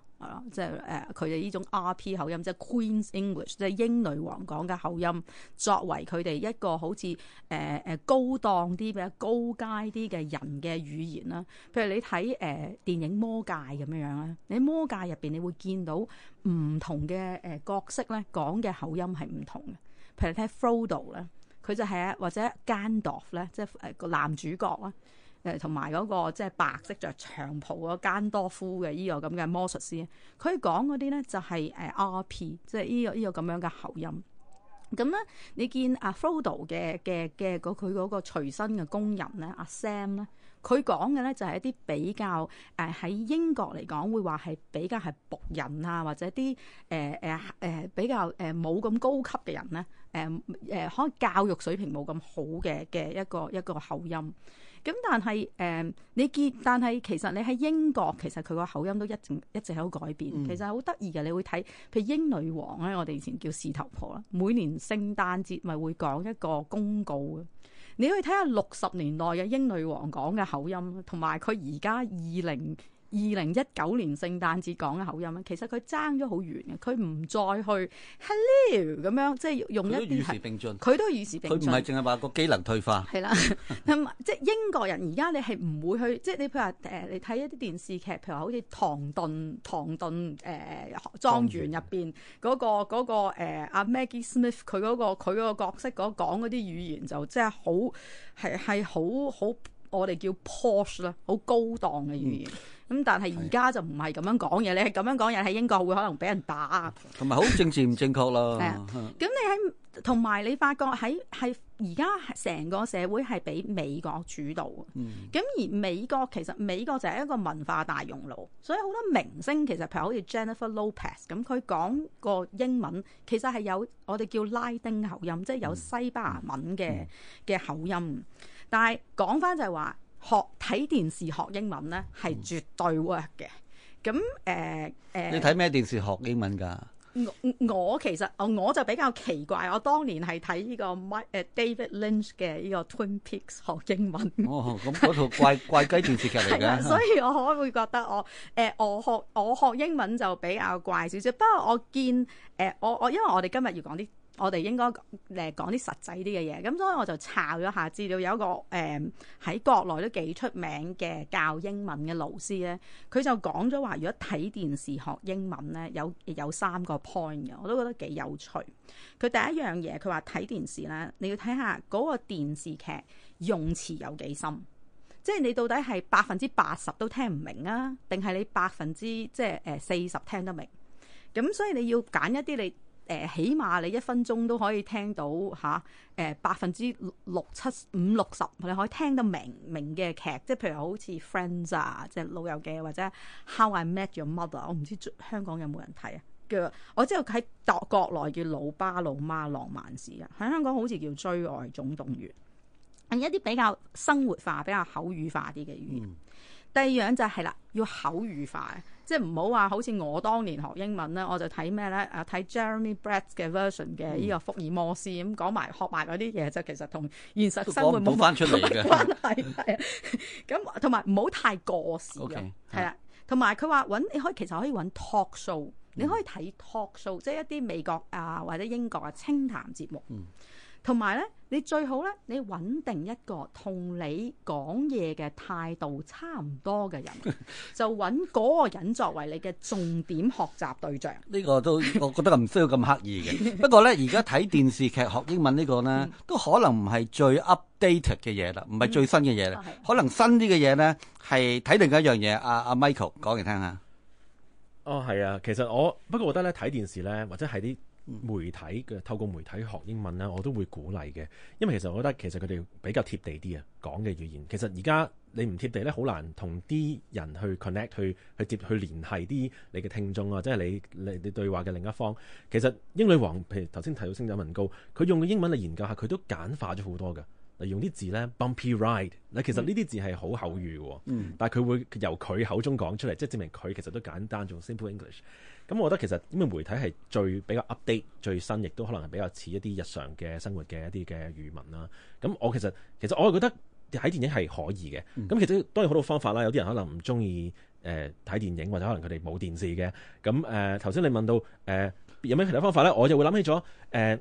即係誒，佢哋呢種 RP 口音，即係 Queen's English，即係英女王講嘅口音，作為佢哋一個好似誒誒高檔啲、比較高階啲嘅人嘅語言啦。譬如你睇誒、呃、電影《魔戒》咁樣樣咧，你《魔戒》入邊你會見到唔同嘅誒、呃、角色咧講嘅口音係唔同嘅。譬如睇 Frodo 咧，佢就係、是、啊，或者 Gandalf 咧，即係個男主角啦。誒同埋嗰個即係白色着長袍嗰個甘道夫嘅呢個咁嘅魔術師，佢講嗰啲咧就係誒 RP，即係呢個呢個咁樣嘅口音。咁咧，你見阿 Frodo 嘅嘅嘅佢嗰個隨身嘅工人咧，阿 Sam 咧，佢講嘅咧就係一啲比較誒喺英國嚟講會話係比較係僕人啊，或者啲誒誒誒比較誒冇咁高級嘅人咧，誒誒可能教育水平冇咁好嘅嘅一個一個口音。咁但係誒、嗯，你見但係其實你喺英國，其實佢個口音都一直一直喺度改變，其實好得意嘅。你會睇，譬如英女王咧，我哋以前叫事頭婆啦，每年聖誕節咪會講一個公告嘅。你可以睇下六十年代嘅英女王講嘅口音，同埋佢而家二零。二零一九年聖誕節講嘅口音咧，其實佢爭咗好遠嘅，佢唔再去 Hello 咁樣，即係用一啲佢都與時並進。佢唔係淨係話個機能退化。係啦， 即係英國人而家你係唔會去，即係你譬如話誒、呃，你睇一啲電視劇，譬如話好似《唐頓唐頓》誒、呃、莊園入邊嗰個嗰阿、嗰個呃、Maggie Smith，佢嗰、嗰個佢嗰角色嗰講嗰啲語言就即係好係係好好，我哋叫 posh 啦，好高檔嘅語言。嗯咁但係而家就唔係咁樣講嘢，係啊，你係咁樣講嘢喺英國會可能俾人打，同埋好政治唔正確咯。咁 你喺同埋你發覺喺係而家成個社會係俾美國主導咁、嗯、而美國其實美國就係一個文化大熔爐，所以好多明星其實譬如好似 Jennifer Lopez 咁，佢講個英文其實係有我哋叫拉丁口音，即係有西班牙文嘅嘅口音，嗯嗯、但係講返就係話。學睇電視學英文咧係絕對 work 嘅，咁誒誒，呃呃、你睇咩電視學英文㗎？我其實我我就比較奇怪，我當年係睇呢個麥誒、呃、David Lynch 嘅呢個 Twin Peaks 學英文。 哦，咁嗰套怪怪雞電視劇嚟嘅、 啊，所以我可能會覺得我誒、呃、我學我學英文就比較怪少少。不過我見誒、呃、我我因為我哋今日要講啲。我哋應該誒講啲實際啲嘅嘢，咁所以我就查咗下資料，有一個誒喺、嗯、國內都幾出名嘅教英文嘅老師咧，佢就講咗話，如果睇電視學英文咧，有有三個 point 嘅，我都覺得幾有趣。佢第一樣嘢，佢話睇電視咧，你要睇下嗰個電視劇用詞有幾深，即係你到底係百分之八十都聽唔明啊，定係你百分之即係誒四十聽得明？咁所以你要揀一啲你。誒，起碼你一分鐘都可以聽到嚇，誒、啊呃，百分之六七五六十，你可以聽得明明嘅劇，即係譬如好似 Friends 啊，即係老友記，或者 How I Met Your Mother，我唔知香港有冇人睇啊。叫，我知喺國內叫老爸老媽浪漫史啊，喺香港好似叫追愛總動員，係一啲比較生活化、比較口語化啲嘅語言。嗯、第二樣就係、是、啦，要口語化。即係唔好話，好似我當年學英文咧，我就睇咩咧？誒、啊、睇 Jeremy Brett 嘅 version 嘅呢個福爾摩斯，咁、嗯、講埋學埋嗰啲嘢就其實同現實生活冇返出嚟嘅關係，係啊。咁同埋唔好太過時嘅，係啊 Okay, 的。同埋佢話揾你可以其實可以揾 talk show 你可以睇 talk show，嗯、即係一啲美國啊或者英國啊清談節目。嗯同埋咧，你最好咧，你揾定一個同你講嘢嘅態度差唔多嘅人，就揾嗰個人作為你嘅重點學習對象。呢 個都我覺得唔需要咁刻意嘅。不過咧，而家睇電視劇學英文呢個呢，都可能唔係最 updated 嘅嘢啦，唔係最新嘅嘢啦。可能新啲嘅嘢呢，係睇另一樣嘢。阿、啊、阿、啊、Michael 講嚟聽一下。哦，係啊，其實我不過我覺得咧，睇電視呢，或者係啲。媒體嘅透過媒體學英文咧，我都會鼓勵嘅，因為其實我覺得其實佢哋比較貼地啲啊，講嘅語言。其實而家你唔貼地咧，好難同啲人去 connect，去去接去聯繫啲你嘅聽眾啊，即係你你你對話嘅另一方。其實英女王，譬如頭先提到聖誕文告，佢用嘅英文嚟研究下，佢都簡化咗好多嘅。嚟用啲字咧，bumpy ride，嗱其實呢啲字係好口語嘅，嗯、但係佢會由佢口中講出嚟，即係證明佢其實都簡單，用 simple English。.咁我覺得其實呢個媒體係最比較 update 最新，亦都可能係比較似一啲日常嘅生活嘅一啲嘅語文啦。咁我其實其實我係覺得睇電影係可以嘅。咁其實當然好多方法啦，有啲人可能唔中意誒睇電影，或者可能佢哋冇電視嘅。咁誒頭先你問到誒、呃、有咩其他方法咧，我就會諗起咗誒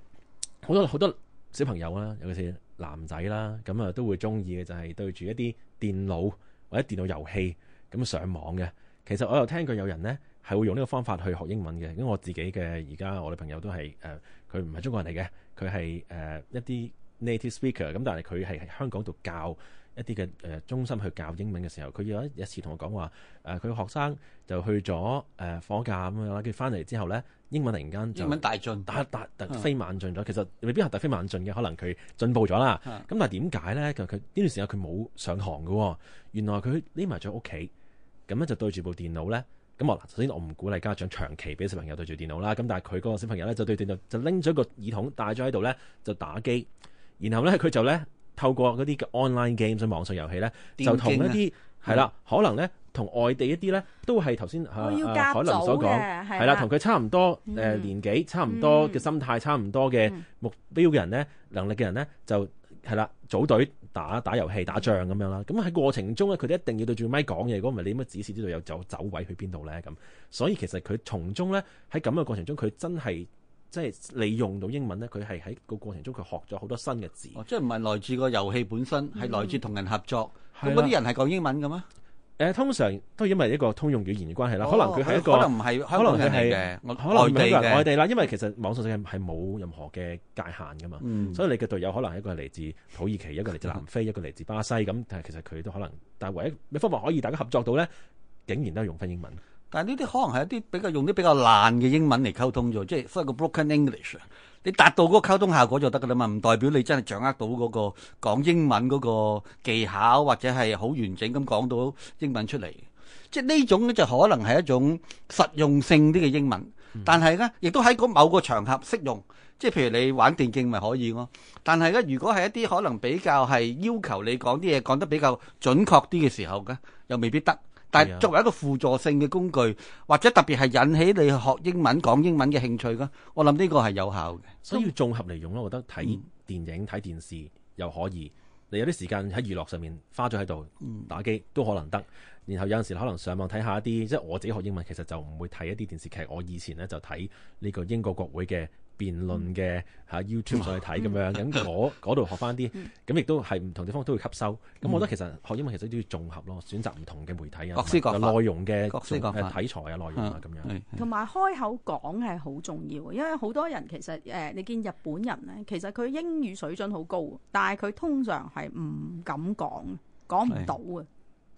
好多好多小朋友啦，尤其是男仔啦，咁啊都會中意嘅就係對住一啲電腦或者電腦遊戲咁上網嘅。其實我又聽過有人咧。係會用呢個方法去學英文嘅。因為我自己嘅而家我嘅朋友都係誒，佢唔係中國人嚟嘅，佢係誒一啲 native speaker 咁。但係佢係喺香港度教一啲嘅誒中心去教英文嘅時候，佢有一次同我講話誒，佢、呃、學生就去咗誒、呃、放假咁樣啦。佢翻嚟之後咧，英文突然間就英文大進大大突飛猛進咗。其實未必係突飛猛進嘅，可能佢進步咗啦。咁、哦、但係點解咧？佢佢呢段時間佢冇上堂嘅喎，原來佢匿埋咗屋企咁咧，就對住部電腦咧。咁我嗱，首先我唔鼓勵家長長期俾小朋友對住電腦啦。咁但係佢嗰個小朋友咧就對住電腦就拎咗個耳筒戴咗喺度咧，就打機。然後咧佢就咧透過嗰啲嘅 online game 即係網上遊戲咧，就同一啲係啦，可能咧同外地一啲咧都係頭先可能海林所講係啦，同佢差唔多誒年紀、嗯、差唔多嘅心態、嗯、差唔多嘅目標嘅人咧，嗯、能力嘅人咧就係啦組隊。打打遊戲、打仗咁樣啦，咁、嗯、喺過程中咧，佢哋一定要對住咪講嘢，如果唔係你點樣指示知道有走走位去邊度咧？咁，所以其實佢從中咧喺咁嘅過程中，佢真係即係利用到英文咧，佢係喺個過程中佢學咗好多新嘅字。哦、即係唔係來自個遊戲本身，係、嗯、來自同人合作。咁嗰啲人係講英文嘅咩？誒通常都因為一個通用語言嘅關係啦，哦、可能佢係一個，可能唔係，可能佢係外地，可能唔係外地啦。因為其實網上世界係冇任何嘅界限噶嘛，嗯、所以你嘅隊友可能係一個嚟自土耳其，嗯、一個嚟自南非，嗯、一個嚟自巴西咁。但係其實佢都可能，但係唯一你方法可以大家合作到咧，竟然都係用翻英文。但係呢啲可能係一啲比較用啲比較爛嘅英文嚟溝通啫，即係所謂個 broken English。你達到嗰個溝通效果就得㗎啦嘛，唔代表你真係掌握到嗰個講英文嗰個技巧，或者係好完整咁講到英文出嚟。即係呢種呢就可能係一種實用性啲嘅英文，但係呢，亦都喺某個場合適用。即係譬如你玩電競咪可以咯，但係呢，如果係一啲可能比較係要求你講啲嘢講得比較準確啲嘅時候呢又未必得。但作為一個輔助性嘅工具，或者特別係引起你學英文講英文嘅興趣嘅，我諗呢個係有效嘅。所以，所以要綜合嚟用咯，我覺得睇電影、睇電視又可以。你有啲時間喺娛樂上面花咗喺度打機都可能得。然後有陣時可能上網睇下一啲，即係我自己學英文其實就唔會睇一啲電視劇。我以前呢，就睇呢個英國國會嘅。辯論嘅嚇 YouTube 上去睇咁樣，咁嗰嗰度學返啲，咁亦都係唔同地方都會吸收。咁我覺得其實學英文其實都要綜合咯，選擇唔同嘅媒體啊，內容嘅題材啊，內容啊咁樣。同埋開口講係好重要嘅，因為好多人其實誒，你見日本人咧，其實佢英語水準好高，但係佢通常係唔敢講，講唔到啊。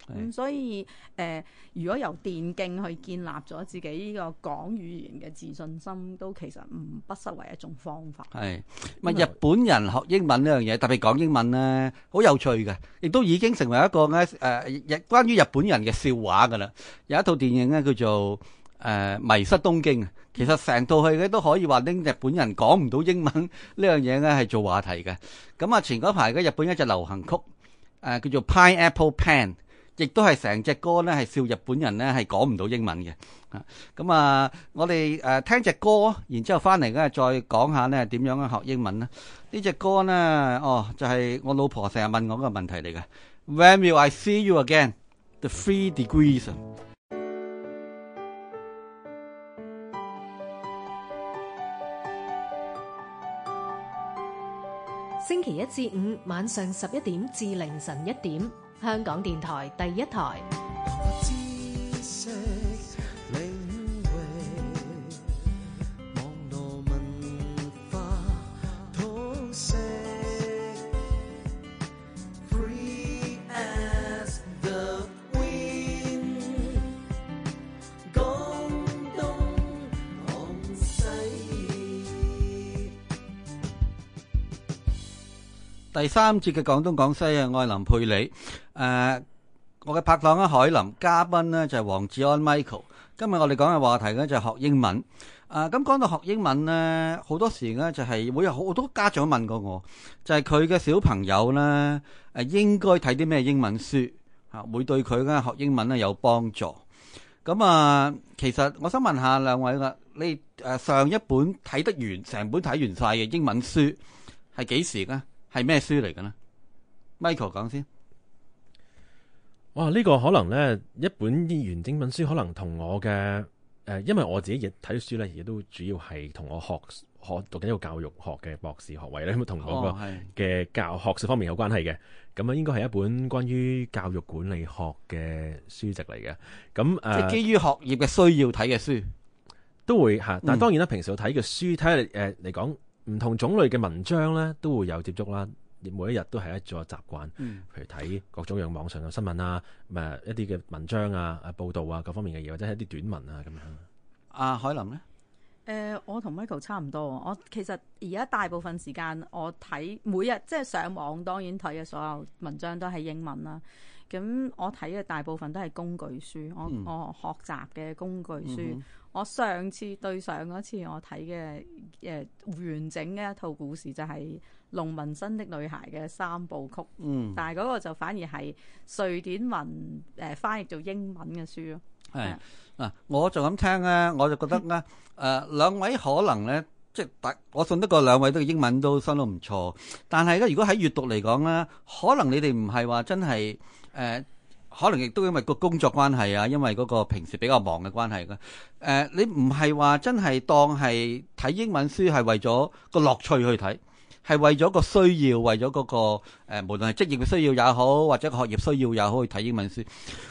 咁所以誒，如果由電競去建立咗自己呢個講語言嘅自信心，都其實唔不失為一種方法。係唔係日本人學英文呢樣嘢，特別講英文咧，好有趣嘅，亦都已經成為一個咧誒日關於日本人嘅笑話㗎啦。有一套電影咧叫做誒迷失東京啊，其實成套戲咧都可以話拎日本人講唔到英文呢樣嘢咧係做話題嘅。咁啊，前嗰排嘅日本一隻流行曲誒叫做 pineapple pen。亦都係成隻歌咧，係笑日本人咧，係講唔到英文嘅。咁啊，我哋誒聽隻歌,然之後翻嚟咧再講下咧點樣學英文咧。呢隻歌咧，哦就係我老婆成日問我個問題嚟嘅。When will I see you again? The Three Degrees。星期一至五晚上十一點至凌晨一點。香港電台第一台。第三節嘅廣東廣西嘅愛林沛理誒，我嘅拍檔啊，海林嘉賓咧，就係黃志安 Michael。今日我哋講嘅話題咧就係學英文啊。咁講到學英文咧，好多時咧就係會有好多家長問過我，就係佢嘅小朋友咧，誒，應該睇啲咩英文書吓，會對佢咧學英文咧有幫助。咁啊，其實我想問下兩位啦，你誒上一本睇得完，成本睇完晒嘅英文書係幾時咧？係咩書嚟嘅呢 Michael 講先，哇！呢、這個可能咧，一本原正品書，可能同我嘅誒、呃，因為我自己亦睇嘅書咧，而家都主要係同我學學讀緊一個教育學嘅博士學位咧，同我個嘅教、哦、學方面有關係嘅。咁啊，應該係一本關於教育管理學嘅書籍嚟嘅。咁誒，基於學業嘅需要睇嘅書、嗯、都會吓，但係當然啦，平時我睇嘅書睇嚟誒嚟講。看看唔同種類嘅文章咧都會有接觸啦，每一日都係一個習慣。嗯、譬如睇各種樣網上嘅新聞啊，誒一啲嘅文章啊、報道啊，各方面嘅嘢，或者係一啲短文啊咁樣。阿海、啊、林咧，誒、呃、我同 Michael 差唔多，我其實而家大部分時間我睇每日即係上網，當然睇嘅所有文章都係英文啦、啊。咁我睇嘅大部分都係工具書，我、嗯、我學習嘅工具書。嗯嗯我上次對上嗰次我睇嘅誒完整嘅一套故事就係龍紋身的女孩嘅三部曲，但係嗰個就反而係瑞典文誒翻譯做英文嘅書咯。係嗱，我就咁聽咧，我就覺得咧，誒兩位可能咧，即係我信得過兩位嘅英文都相當唔錯，但係咧，如果喺閲讀嚟講咧，可能你哋唔係話真係誒。可能亦都因為個工作關係啊，因為嗰個平時比較忙嘅關係嘅。誒，你唔係話真係當係睇英文書係為咗個樂趣去睇，係為咗個需要，為咗嗰個誒，無論係職業嘅需要也好，或者學業需要也好，去睇英文書。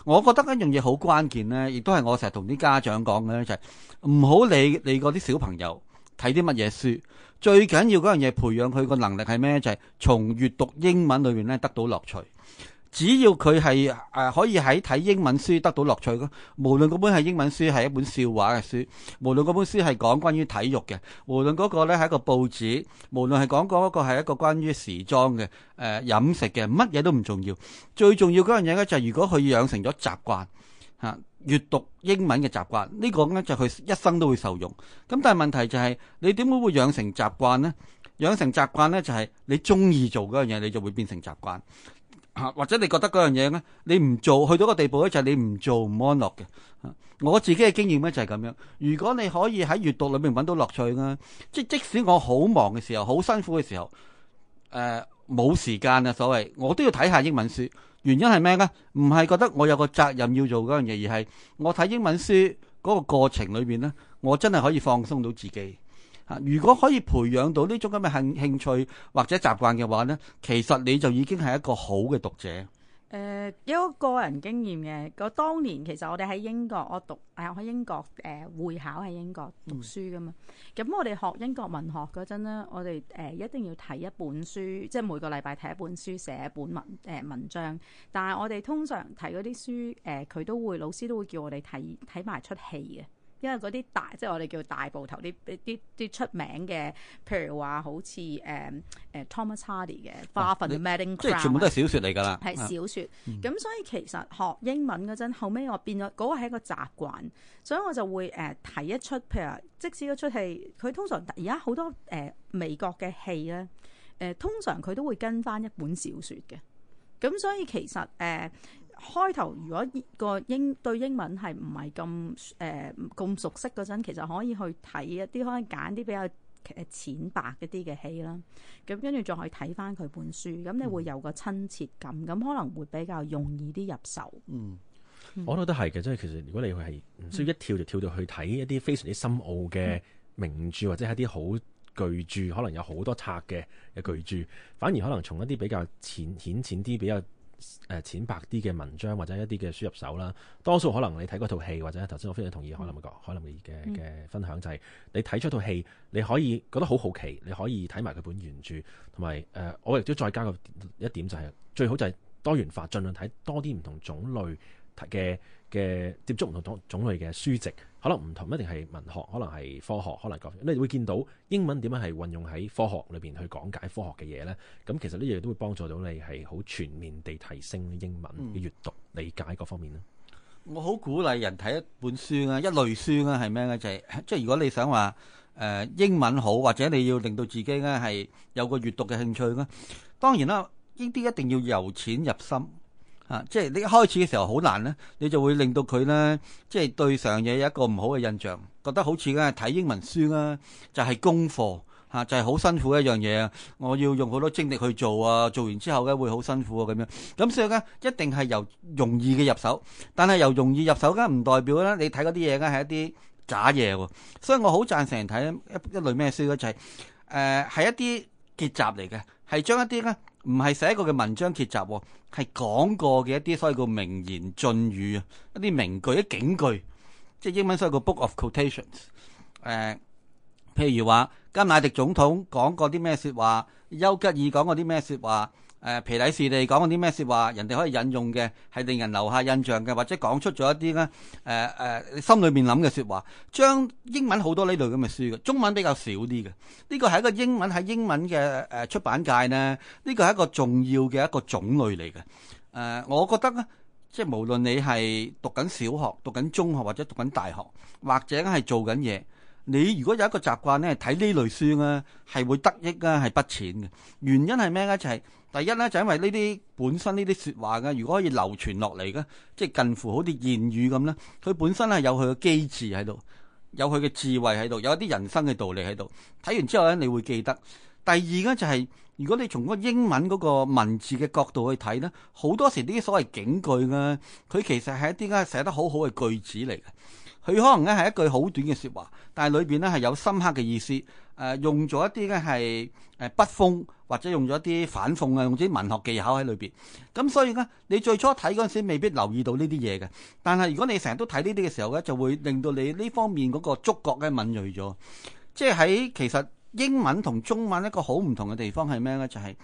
我覺得一樣嘢好關鍵咧，亦都係我成日同啲家長講嘅咧，就係唔好理你嗰啲小朋友睇啲乜嘢書，最緊要嗰樣嘢培養佢個能力係咩？就係從閱讀英文裏面咧得到樂趣。只要佢係誒可以喺睇英文書得到樂趣嘅，無論嗰本係英文書係一本笑話嘅書，無論嗰本書係講關於體育嘅，無論嗰個呢係一個報紙，無論係講嗰個係一個關於時裝嘅誒、呃、飲食嘅，乜嘢都唔重要。最重要嗰樣嘢呢就係如果佢養成咗習慣嚇、啊，閱讀英文嘅習慣，呢、這個呢，就佢、是、一生都會受用。咁但係問題就係、是、你點會會養成習慣呢？養成習慣呢，就係、是、你中意做嗰樣嘢，你就會變成習慣。或者你覺得嗰樣嘢呢，你唔做去到個地步呢，就係你唔做唔安樂嘅。我自己嘅經驗呢，就係咁樣。如果你可以喺閱讀裏面揾到樂趣呢，即即使我好忙嘅時候，好辛苦嘅時候，誒、呃、冇時間啊，所謂我都要睇下英文書。原因係咩呢？唔係覺得我有個責任要做嗰樣嘢，而係我睇英文書嗰個過程裏邊呢，我真係可以放鬆到自己。如果可以培養到呢種咁嘅興興趣或者習慣嘅話呢，其實你就已經係一個好嘅讀者。誒、呃，有一個，個人經驗嘅，個當年其實我哋喺英國，我讀誒我喺、啊、英國誒、呃、會考喺英國讀書噶嘛。咁、嗯、我哋學英國文學嗰陣呢，我哋誒、呃、一定要睇一本書，即係每個禮拜睇一本書，寫一本文誒、呃、文章。但係我哋通常睇嗰啲書，誒、呃、佢都會老師都會叫我哋睇睇埋出戲嘅。因為嗰啲大，即係我哋叫大部頭啲啲啲出名嘅，譬如話好似誒誒 Thomas Hardy 嘅《Far from the Madding Crowd》即係全部都係小説嚟㗎啦。係小説，咁、嗯、所以其實學英文嗰陣，後尾我變咗嗰、嗰個係一個習慣，所以我就會誒睇、uh, 一出譬如，即使嗰出戲，佢通常而家好多誒、uh, 美國嘅戲咧，誒、uh, 通常佢都會跟翻一本小説嘅，咁所以其實誒。Uh, 開頭如果個英對英文係唔係咁誒咁熟悉嗰陣，其實可以去睇一啲可以揀啲比較誒淺白一啲嘅戲啦。咁跟住再可以睇翻佢本書，咁你會有個親切感，咁、嗯、可能會比較容易啲入手。嗯，嗯、我都覺得係嘅，即係其實如果你係唔需要一跳就跳到去睇一啲非常之深奧嘅名著或者係啲好巨著，可能有好多冊嘅嘅巨著，反而可能從一啲比較淺、顯淺啲比較。誒、呃、淺白啲嘅文章或者一啲嘅書入手啦，多數可能你睇嗰套戲，或者頭先我非常同意海林嘅講，海林嘅嘅分享就係、是、你睇出套戲，你可以覺得好好奇，你可以睇埋佢本原著，同埋誒我亦都再加一個一點就係、是、最好就係多元化，儘量睇多啲唔同種類嘅嘅接觸唔同種類嘅書籍。可能唔同，一定係文學，可能係科學，可能各。你哋會見到英文點樣係運用喺科學裏邊去講解科學嘅嘢呢？咁其實呢樣嘢都會幫助到你係好全面地提升英文嘅閱讀、嗯、理解各方面咯。我好鼓勵人睇一本書啊，一類書啊，係咩咧？就係、是、即係如果你想話誒、呃、英文好，或者你要令到自己呢係有個閱讀嘅興趣呢、啊，當然啦，呢啲一定要由淺入深。啊！即係你一開始嘅時候好難咧，你就會令到佢咧，即係對上嘢有一個唔好嘅印象，覺得好似咧睇英文書啦，就係功課嚇，就係好辛苦一樣嘢啊！我要用好多精力去做啊，做完之後咧會好辛苦啊咁樣。咁所以咧，一定係由容易嘅入手，但係由容易入手咧，唔代表咧你睇嗰啲嘢咧係一啲假嘢喎。所以我好贊成睇一類咩書咧，就係誒係一啲結集嚟嘅，係將一啲咧。唔係寫過嘅文章結集，係講過嘅一啲所謂嘅名言雋語啊，一啲名句、一啲警句，即係英文所謂嘅 book of quotations、呃。誒，譬如話，甘迺迪總統講過啲咩説話，丘吉爾講過啲咩説話。誒，皮底士哋講過啲咩説話？人哋可以引用嘅，係令人留下印象嘅，或者講出咗一啲咧誒誒，心裏面諗嘅説話。將英文好多呢類咁嘅書嘅，中文比較少啲嘅。呢個係一個英文喺英文嘅誒出版界咧，呢個係一個重要嘅一個種類嚟嘅。誒，我覺得咧，即係無論你係讀緊小學、讀緊中學或者讀緊大學，或者係做緊嘢。你如果有一個習慣呢，睇呢類書呢，係會得益啊，係不淺嘅。原因係咩呢？就係第一呢，就係因為呢啲本身呢啲説話嘅，如果可以流傳落嚟嘅，即係近乎好似言語咁呢，佢本身係有佢嘅機智喺度，有佢嘅智慧喺度，有一啲人生嘅道理喺度。睇完之後呢，你會記得。第二呢，就係，如果你從嗰個英文嗰個文字嘅角度去睇呢，好多時呢啲所謂警句啊，佢其實係一啲咧寫得好好嘅句子嚟嘅。佢可能咧係一句好短嘅説話，但係裏邊咧係有深刻嘅意思。誒、呃，用咗一啲咧係誒筆鋒，或者用咗啲反諷啊，用咗啲文學技巧喺裏邊。咁所以呢，你最初睇嗰陣時未必留意到呢啲嘢嘅。但係如果你成日都睇呢啲嘅時候呢，就會令到你呢方面嗰個觸覺咧敏鋭咗。即係喺其實英文同中文一個好唔同嘅地方係咩呢？就係、是、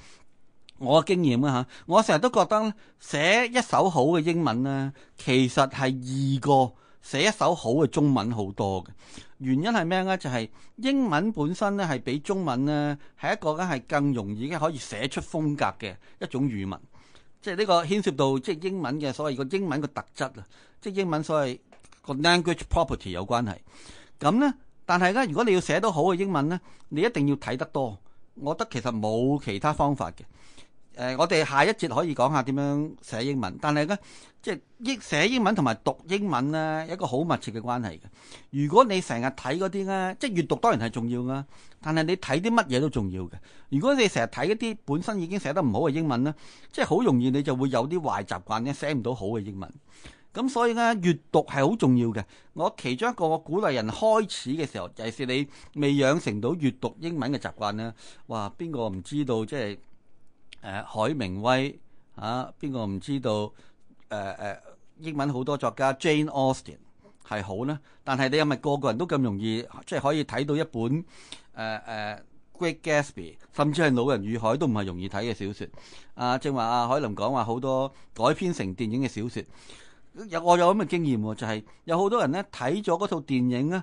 我嘅經驗啦嚇，我成日都覺得寫一手好嘅英文呢，其實係易過，寫一首好嘅中文。好多嘅原因係咩呢？就係、是、英文本身呢係比中文呢係一個呢係更容易嘅可以寫出風格嘅一種語文，即係呢個牽涉到即係英文嘅所謂個英文嘅特質啊，即係英文所謂個 language property 有關係。咁呢，但係呢，如果你要寫到好嘅英文呢，你一定要睇得多。我覺得其實冇其他方法嘅。誒，我哋下一節可以講下點樣寫英文。但係呢，即係英寫英文同埋讀英文呢，有一個好密切嘅關係嘅。如果你成日睇嗰啲呢，即係閱讀當然係重要啦。但係你睇啲乜嘢都重要嘅。如果你成日睇一啲本身已經寫得唔好嘅英文呢，即係好容易你就會有啲壞習慣呢，寫唔到好嘅英文。咁所以呢，閱讀係好重要嘅。我其中一個我鼓勵人開始嘅時候，尤其是你未養成到閱讀英文嘅習慣呢，哇！邊個唔知道即係？誒、呃、海明威嚇，邊個唔知道？誒、啊、誒、啊、英文好多作家 Jane Austen 係好咧，但係你係咪個個人都咁容易，即係可以睇到一本誒誒、啊啊、Great Gatsby 甚至係《老人與海》都唔係容易睇嘅小説。阿正話阿海林講話好多改編成電影嘅小説，有我有咁嘅經驗，就係、是、有好多人呢睇咗嗰套電影咧，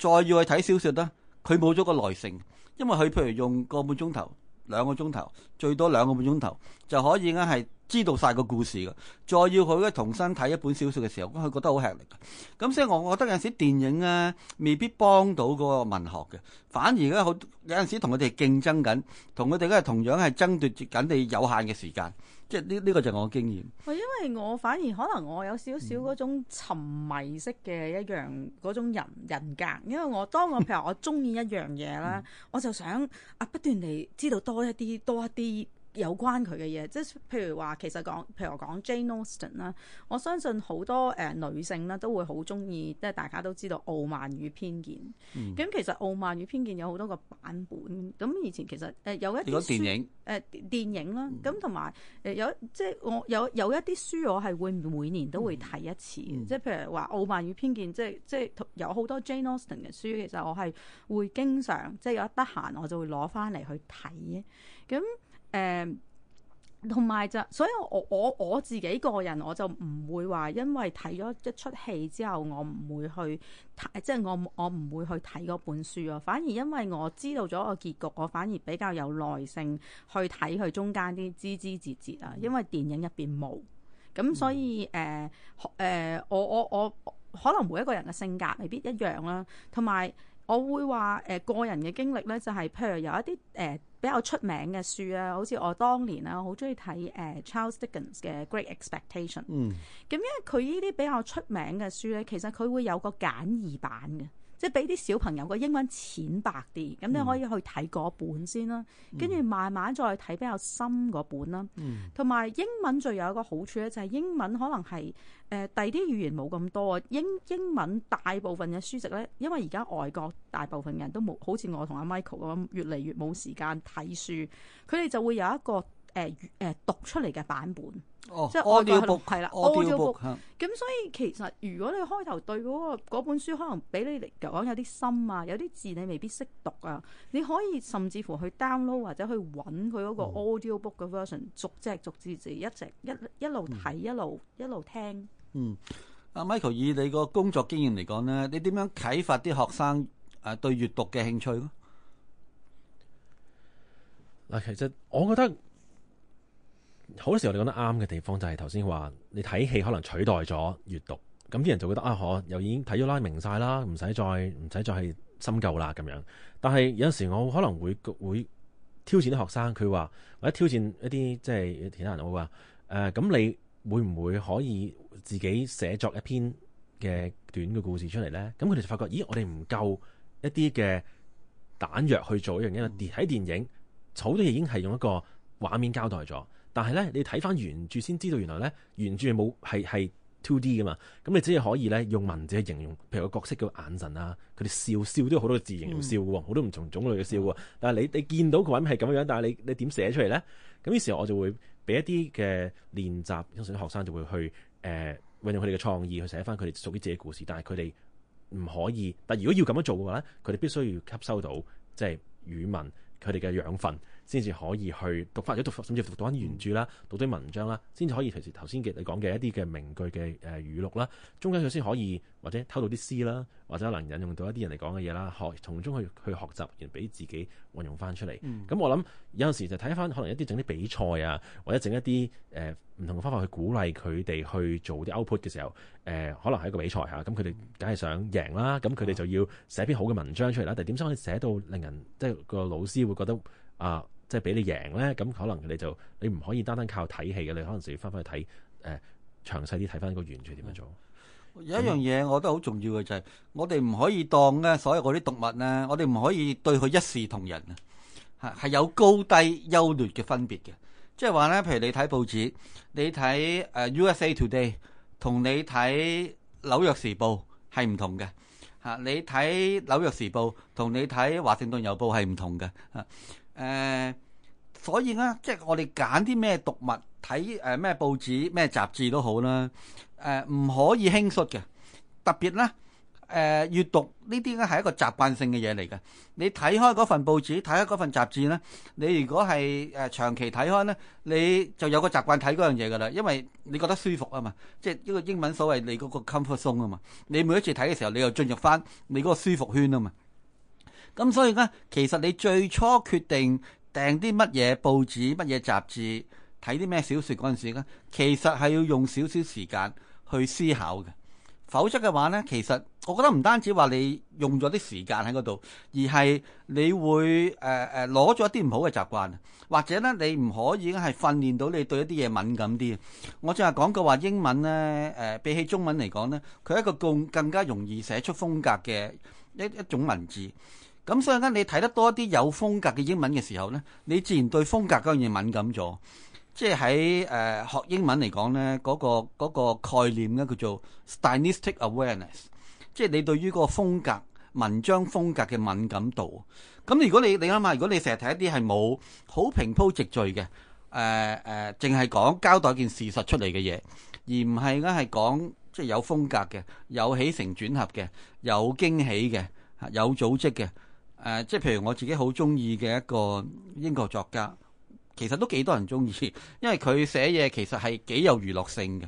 再要去睇小説咧，佢冇咗個耐性，因為佢譬如用個半鐘頭。兩個鐘頭，最多兩個半鐘頭，就可以咧係知道晒個故事嘅。再要佢咧重新睇一本小説嘅時候，咁佢覺得好吃力嘅。咁所以我覺得有陣時電影咧、啊、未必幫到嗰個文學嘅，反而咧好有陣時同佢哋競爭緊，同佢哋都係同樣係爭奪緊你有限嘅時間。即係呢呢個就係我嘅經驗。我因為我反而可能我有少少嗰種沉迷式嘅一樣嗰、嗯、種人人格，因為我當我譬如我中意一樣嘢啦，嗯、我就想啊不斷地知道多一啲多一啲。有關佢嘅嘢，即係譬如話，其實講譬如我講 Jane Austen 啦，我相信好多誒女性咧都會好中意，即係大家都知道《傲慢與偏見》嗯。咁其實傲《傲慢與偏見》有好多個版本。咁以前其實誒有一啲書誒電影啦，咁同埋誒有即係我有有一啲書，我係會每年都會睇一次即係譬如話《傲慢與偏見》，即係即係有好多 Jane Austen 嘅書，其實我係會經常即係有一得閒我就會攞翻嚟去睇嘅。咁、嗯。誒，同埋就，所以我我我自己個人，我就唔會話因為睇咗一出戲之後，我唔會去睇，即係我我唔會去睇嗰本書啊。反而因為我知道咗個結局，我反而比較有耐性去睇佢中間啲枝枝節節啊。因為電影入邊冇，咁所以誒誒、嗯啊啊啊，我我我可能每一個人嘅性格未必一樣啦。同埋我會話誒、呃、個人嘅經歷呢，就係、是、譬如有一啲誒。呃比較出名嘅書啊，好似我當年啊，好鍾意睇誒 Charles Dickens 嘅《Great Expectation》。嗯，咁因為佢呢啲比較出名嘅書咧，其實佢會有個簡易版嘅。即係俾啲小朋友個英文淺白啲，咁、嗯、你可以去睇嗰本先啦，跟住、嗯、慢慢再睇比較深嗰本啦。同埋、嗯、英文最有一個好處咧，就係、是、英文可能係誒第二啲語言冇咁多啊。英英文大部分嘅書籍咧，因為而家外國大部分人都冇，好似我同阿 Michael 咁，越嚟越冇時間睇書，佢哋就會有一個。誒，誒，讀出嚟嘅版本，即係 audio book 係啦，audio book。咁所以其實如果你開頭對嗰個本書可能比你嚟講有啲深啊，有啲字你未必識讀啊，你可以甚至乎去 download 或者去揾佢嗰個 audio book 嘅 version，、oh. 逐隻逐字字一直一一路睇、嗯、一路一路聽。嗯，阿 Michael 以你個工作經驗嚟講咧，你點樣啟發啲學生誒對閱讀嘅興趣？嗱，其實我覺得。好多時候，我哋講得啱嘅地方就係頭先話你睇戲可能取代咗閱讀，咁啲人就會覺得啊，可又已經睇咗啦，明晒啦，唔使再唔使再去深究啦。咁樣，但係有陣時我可能會會挑戰啲學生，佢話或者挑戰一啲即係其他人，我話誒咁，你會唔會可以自己寫作一篇嘅短嘅故事出嚟呢？咁佢哋就發覺，咦，我哋唔夠一啲嘅彈藥去做一樣嘢。睇電影好多嘢已經係用一個畫面交代咗。但係咧，你睇翻原著先知道原來咧，原著係冇係係 two D 噶嘛。咁你只係可以咧用文字去形容，譬如個角色嘅眼神啊，佢哋笑笑都有好多字形容笑嘅喎，好、嗯、多唔同種類嘅笑喎。但係你你見到個畫面係咁樣，但係你你點寫出嚟咧？咁於是我就會俾一啲嘅練習，通常啲學生就會去誒、呃、運用佢哋嘅創意去寫翻佢哋屬於自己嘅故事，但係佢哋唔可以。但係如果要咁樣做嘅話咧，佢哋必須要吸收到即係、就是、語文佢哋嘅養分。先至可以去讀翻，有甚至讀翻原著啦，讀啲文章啦，先至可以隨時頭先嘅你講嘅一啲嘅名句嘅誒語錄啦，中間佢先可以或者偷到啲詩啦，或者能引用到一啲人嚟講嘅嘢啦，學從中去去學習，然後俾自己運用翻出嚟。咁、嗯、我諗有陣時就睇翻可能一啲整啲比賽啊，或者整一啲誒唔同嘅方法去鼓勵佢哋去做啲 output 嘅時候，誒、呃、可能係一個比賽嚇，咁佢哋梗係想贏啦，咁佢哋就要寫篇好嘅文章出嚟啦。但係點先可以寫到令人即係、個老師會覺得啊？呃即係俾你贏咧，咁可能你就你唔可以單單靠睇戲嘅，你可能就要翻翻去睇誒詳細啲睇翻個原處點樣做。有一樣嘢，我覺得好重要嘅就係，我哋唔可以當咧所有嗰啲動物啊，我哋唔可以對佢一視同仁啊，係係有高低優劣嘅分別嘅。即係話咧，譬如你睇報紙，你睇誒 USA Today 同你睇紐約時報係唔同嘅嚇，你睇紐約時報同你睇華盛頓郵報係唔同嘅嚇誒。所以咧，即係我哋揀啲咩讀物，睇誒咩報紙、咩雜誌都好啦。誒、呃，唔可以輕率嘅。特別咧，誒、呃、閱讀呢啲咧係一個習慣性嘅嘢嚟嘅。你睇開嗰份報紙，睇開嗰份雜誌咧，你如果係誒長期睇開咧，你就有個習慣睇嗰樣嘢噶啦。因為你覺得舒服啊嘛，即係呢個英文所謂你嗰個 comfort zone 啊嘛。你每一次睇嘅時候，你又進入翻你嗰個舒服圈啊嘛。咁所以咧，其實你最初決定。訂啲乜嘢報紙、乜嘢雜誌，睇啲咩小説嗰陣時咧，其實係要用少少時間去思考嘅。否則嘅話呢，其實我覺得唔單止話你用咗啲時間喺嗰度，而係你會誒誒攞咗啲唔好嘅習慣，或者呢，你唔可以係訓練到你對一啲嘢敏感啲。我淨係講句話，英文呢誒、呃，比起中文嚟講呢，佢係一個更更加容易寫出風格嘅一一,一種文字。咁所以咧，你睇得多一啲有風格嘅英文嘅時候咧，你自然對風格嗰樣嘢敏感咗。即係喺誒學英文嚟講咧，嗰個嗰個概念咧叫做 stylistic awareness，即係你對於嗰個風格、文章風格嘅敏感度。咁如果你你諗下，如果你成日睇一啲係冇好平鋪直敍嘅，誒誒，淨係講交代一件事實出嚟嘅嘢，而唔係咧係講即係有風格嘅、有起承轉合嘅、有驚喜嘅、有組織嘅。誒、呃，即係譬如我自己好中意嘅一個英國作家，其實都幾多人中意，因為佢寫嘢其實係幾有娛樂性嘅，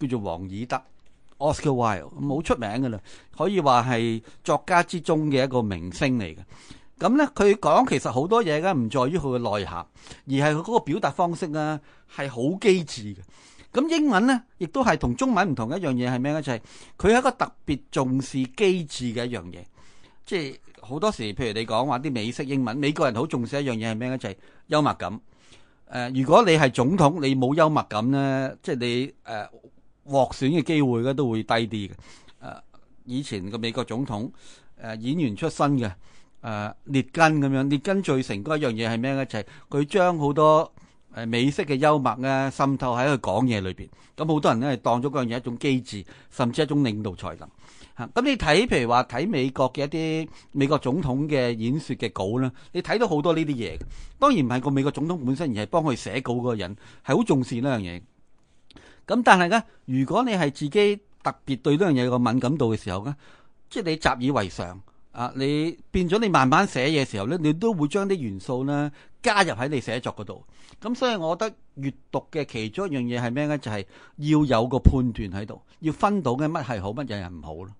叫做王爾德 （Oscar Wilde），好出名㗎啦，可以話係作家之中嘅一個明星嚟嘅。咁呢，佢講其實好多嘢嘅唔在於佢嘅內涵，而係佢嗰個表達方式呢係好機智嘅。咁英文呢，亦都係同中文唔同一樣嘢，係咩呢？就係、係、佢係一個特別重視機智嘅一樣嘢。即係好多時，譬如你講話啲美式英文，美國人好重視一樣嘢係咩咧？就係、是、幽默感。誒、呃，如果你係總統，你冇幽默感呢，即係你誒、呃、獲選嘅機會咧都會低啲嘅。誒、呃，以前個美國總統誒、呃、演員出身嘅誒列根咁樣，列根最成功一樣嘢係咩咧？就係、是、佢將好多誒美式嘅幽默咧滲透喺佢講嘢裏邊。咁好多人呢，係當咗嗰樣嘢一種機智，甚至一種領導才能。咁你睇，譬如話睇美國嘅一啲美國總統嘅演說嘅稿咧，你睇到好多呢啲嘢。當然唔係個美國總統本身，而係幫佢寫稿嗰個人，係好重視呢樣嘢。咁但係咧，如果你係自己特別對呢樣嘢有個敏感度嘅時候咧，即係你習以為常啊，你變咗你慢慢寫嘢嘅時候咧，你都會將啲元素咧加入喺你寫作嗰度。咁所以我覺得閱讀嘅其中一樣嘢係咩咧？就係要有個判斷喺度，要分到嘅乜係好，乜嘢係唔好咯。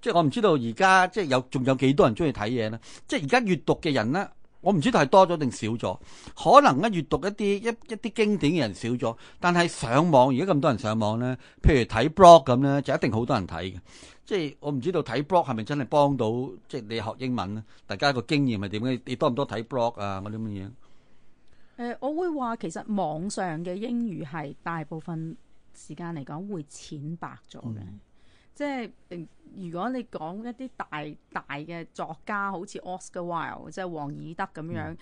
即係我唔知道而家即係有仲有幾多人中意睇嘢呢？即係而家閱讀嘅人呢，我唔知道係多咗定少咗。可能咧閱讀一啲一一啲經典嘅人少咗，但係上網而家咁多人上網呢，譬如睇 blog 咁呢，就一定好多人睇嘅。即係我唔知道睇 blog 係咪真係幫到即係你學英文呢，大家個經驗係點嘅？你多唔多睇 blog 啊？嗰啲乜嘢？誒，我會話其實網上嘅英語係大部分時間嚟講會淺白咗嘅，嗯。即係。如果你講一啲大大嘅作家，好似 Oscar Wilde 即係王爾德咁樣，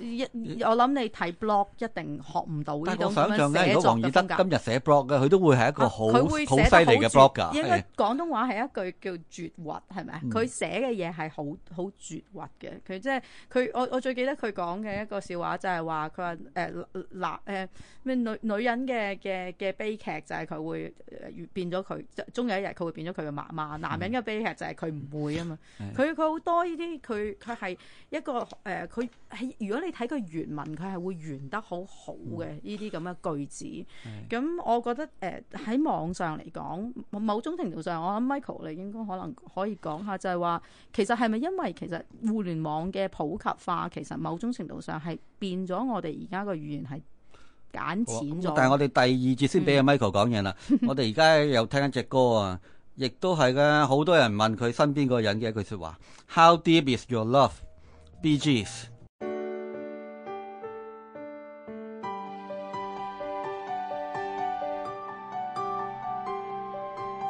一我諗你睇 blog 一定學唔到呢個。我想象緊，如果王爾德今日寫 blog 嘅，佢都會係一個好好犀利嘅 blog 㗎。因為廣東話係一句叫絕核，係咪佢寫嘅嘢係好好絕核嘅。佢即係佢，我我最記得佢講嘅一個笑話就係話佢話誒嗱誒咩女女人嘅嘅嘅悲劇就係佢會變咗佢，終有一日佢會變咗佢嘅媽媽啦。男人嘅悲劇就係佢唔會啊嘛，佢佢好多呢啲佢佢係一個誒，佢、呃、係如果你睇佢原文，佢係會圓得好好嘅呢啲咁嘅句子。咁的、嗯、我覺得誒喺、呃、網上嚟講，某種程度上，我諗 Michael 你應該可能可以講下就，就係話其實係咪因為其實互聯網嘅普及化，其實某種程度上係變咗我哋而家個語言係簡淺咗啊。但係我哋第二節先俾阿 Michael 講嘢啦，我哋而家又聽一隻歌啊！ 亦都係嘅，好多人問佢身邊個人嘅一句說話。How deep is your love? BGS。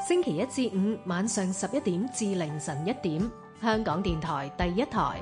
星期一至五晚上十一點至凌晨一點，香港電台第一台。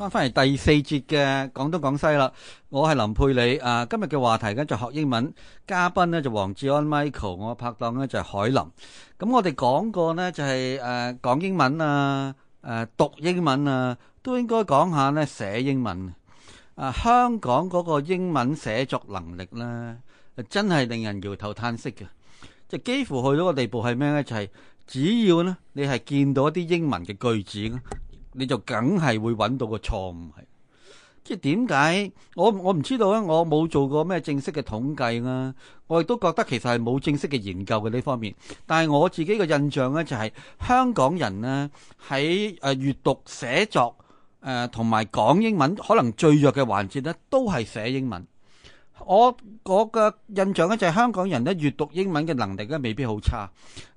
翻翻嚟第四節嘅講東講西啦，我係林沛理啊。今日嘅話題咧就學英文，嘉賓咧就黃志安 Michael，我拍檔咧就海林。咁我哋講過咧就係誒講英文啊，誒讀英文啊，都應該講下咧寫英文啊。啊，香港嗰個英文寫作能力咧，真係令人搖頭嘆息嘅，即係幾乎去到個地步係咩咧？就係只要咧你係見到一啲英文嘅句子。你就梗係會揾到個錯誤係，即係點解？我我唔知道咧，我冇做過咩正式嘅統計啦。我亦都覺得其實係冇正式嘅研究嘅呢方面。但係我自己嘅印象咧，就係香港人咧喺誒閱讀、寫作誒同埋講英文，可能最弱嘅環節咧都係寫英文。我我嘅印象咧就係香港人咧，閱讀英文嘅能力咧未必好差。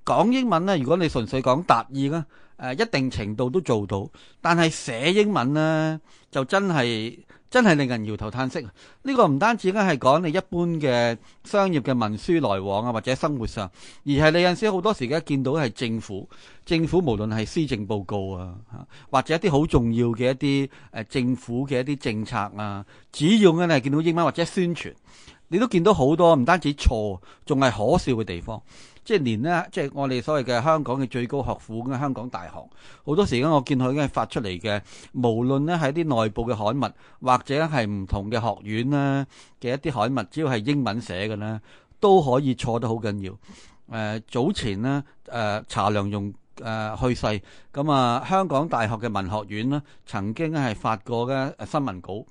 講英文咧，如果你純粹講達意咧。誒，一定程度都做到，但係寫英文呢，就真係真係令人搖頭嘆息。呢、這個唔單止咧係講你一般嘅商業嘅文書來往啊，或者生活上，而係你有陣時好多時咧見到係政府，政府無論係施政報告啊，吓或者一啲好重要嘅一啲誒政府嘅一啲政策啊，只要咧你係見到英文或者宣傳，你都見到好多唔單止錯，仲係可笑嘅地方。即係連呢，即係我哋所謂嘅香港嘅最高學府咁，香港大學好多時間，我見佢已經係發出嚟嘅，無論呢係啲內部嘅刊物，或者係唔同嘅學院呢嘅一啲刊物，只要係英文寫嘅呢，都可以錯得好緊要。誒、呃、早前呢，誒查良鏞誒去世咁啊、呃，香港大學嘅文學院呢曾經咧係發過嘅新聞稿，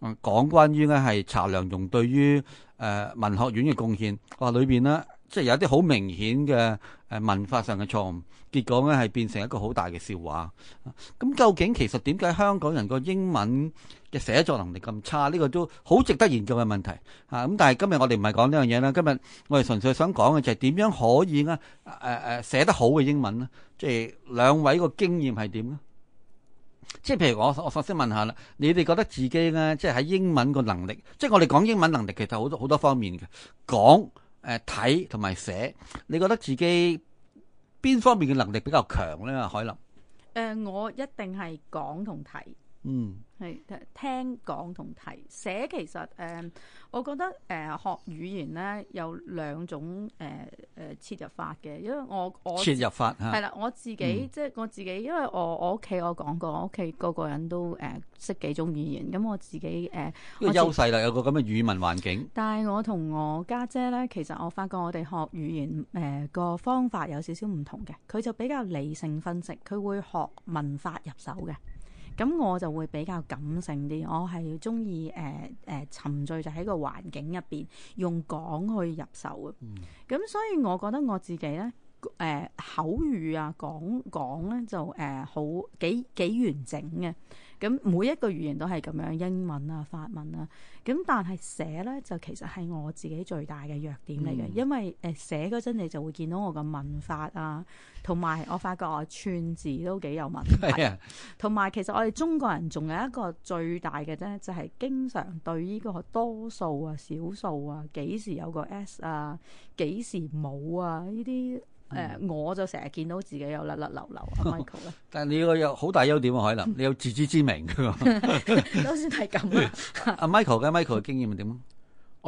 呃、講關於呢係查良鏞對於誒、呃、文學院嘅貢獻，話裏邊呢。即係有啲好明顯嘅誒文化上嘅錯誤，結果咧係變成一個好大嘅笑話。咁、啊、究竟其實點解香港人個英文嘅寫作能力咁差？呢個都好值得研究嘅問題嚇。咁、啊、但係今日我哋唔係講呢樣嘢啦，今日我哋純粹想講嘅就係點樣可以咧誒誒寫得好嘅英文咧？即係兩位個經驗係點咧？即係譬如我我首先問下啦，你哋覺得自己呢，即係喺英文個能力，即係我哋講英文能力其實好多好多方面嘅講。誒睇同埋寫，你覺得自己邊方面嘅能力比較強呢？啊，海林。誒、呃，我一定係講同睇。嗯，係聽講同睇寫，寫其實誒、呃，我覺得誒、呃、學語言咧有兩種誒誒切入法嘅，因為我我切入法係啦，我自己即係我自己，嗯、因為我我屋企我講過，我屋企個個人都誒識、呃、幾種語言，咁、嗯、我自己誒，呃、己個優勢啦，有個咁嘅語文環境。但係我同我家姐咧，其實我發覺我哋學語言誒個方法有少少唔同嘅，佢就比較理性分析，佢會學文法入手嘅。咁我就會比較感性啲，我係中意誒誒沉醉就喺個環境入邊，用講去入手嘅。咁、嗯、所以我覺得我自己咧，誒、呃、口語啊講講咧就誒、呃、好幾幾完整嘅。咁、嗯、每一個語言都係咁樣，英文啊、法文啊。咁但係寫咧就其實係我自己最大嘅弱點嚟嘅，因為誒、呃、寫嗰陣你就會見到我嘅文法啊，同埋我發覺我串字都幾有問題，同埋 其實我哋中國人仲有一個最大嘅咧，就係、是、經常對呢個多數啊、少數啊、幾時有個 s 啊、幾時冇啊呢啲。誒、嗯呃，我就成日見到自己有甩甩流流啊，Michael 咧。 但係你個有好大優點啊，海林，你有自知之明㗎嘛？ 都算係咁啦。阿 Michael 嘅 Michael 嘅經驗係點啊？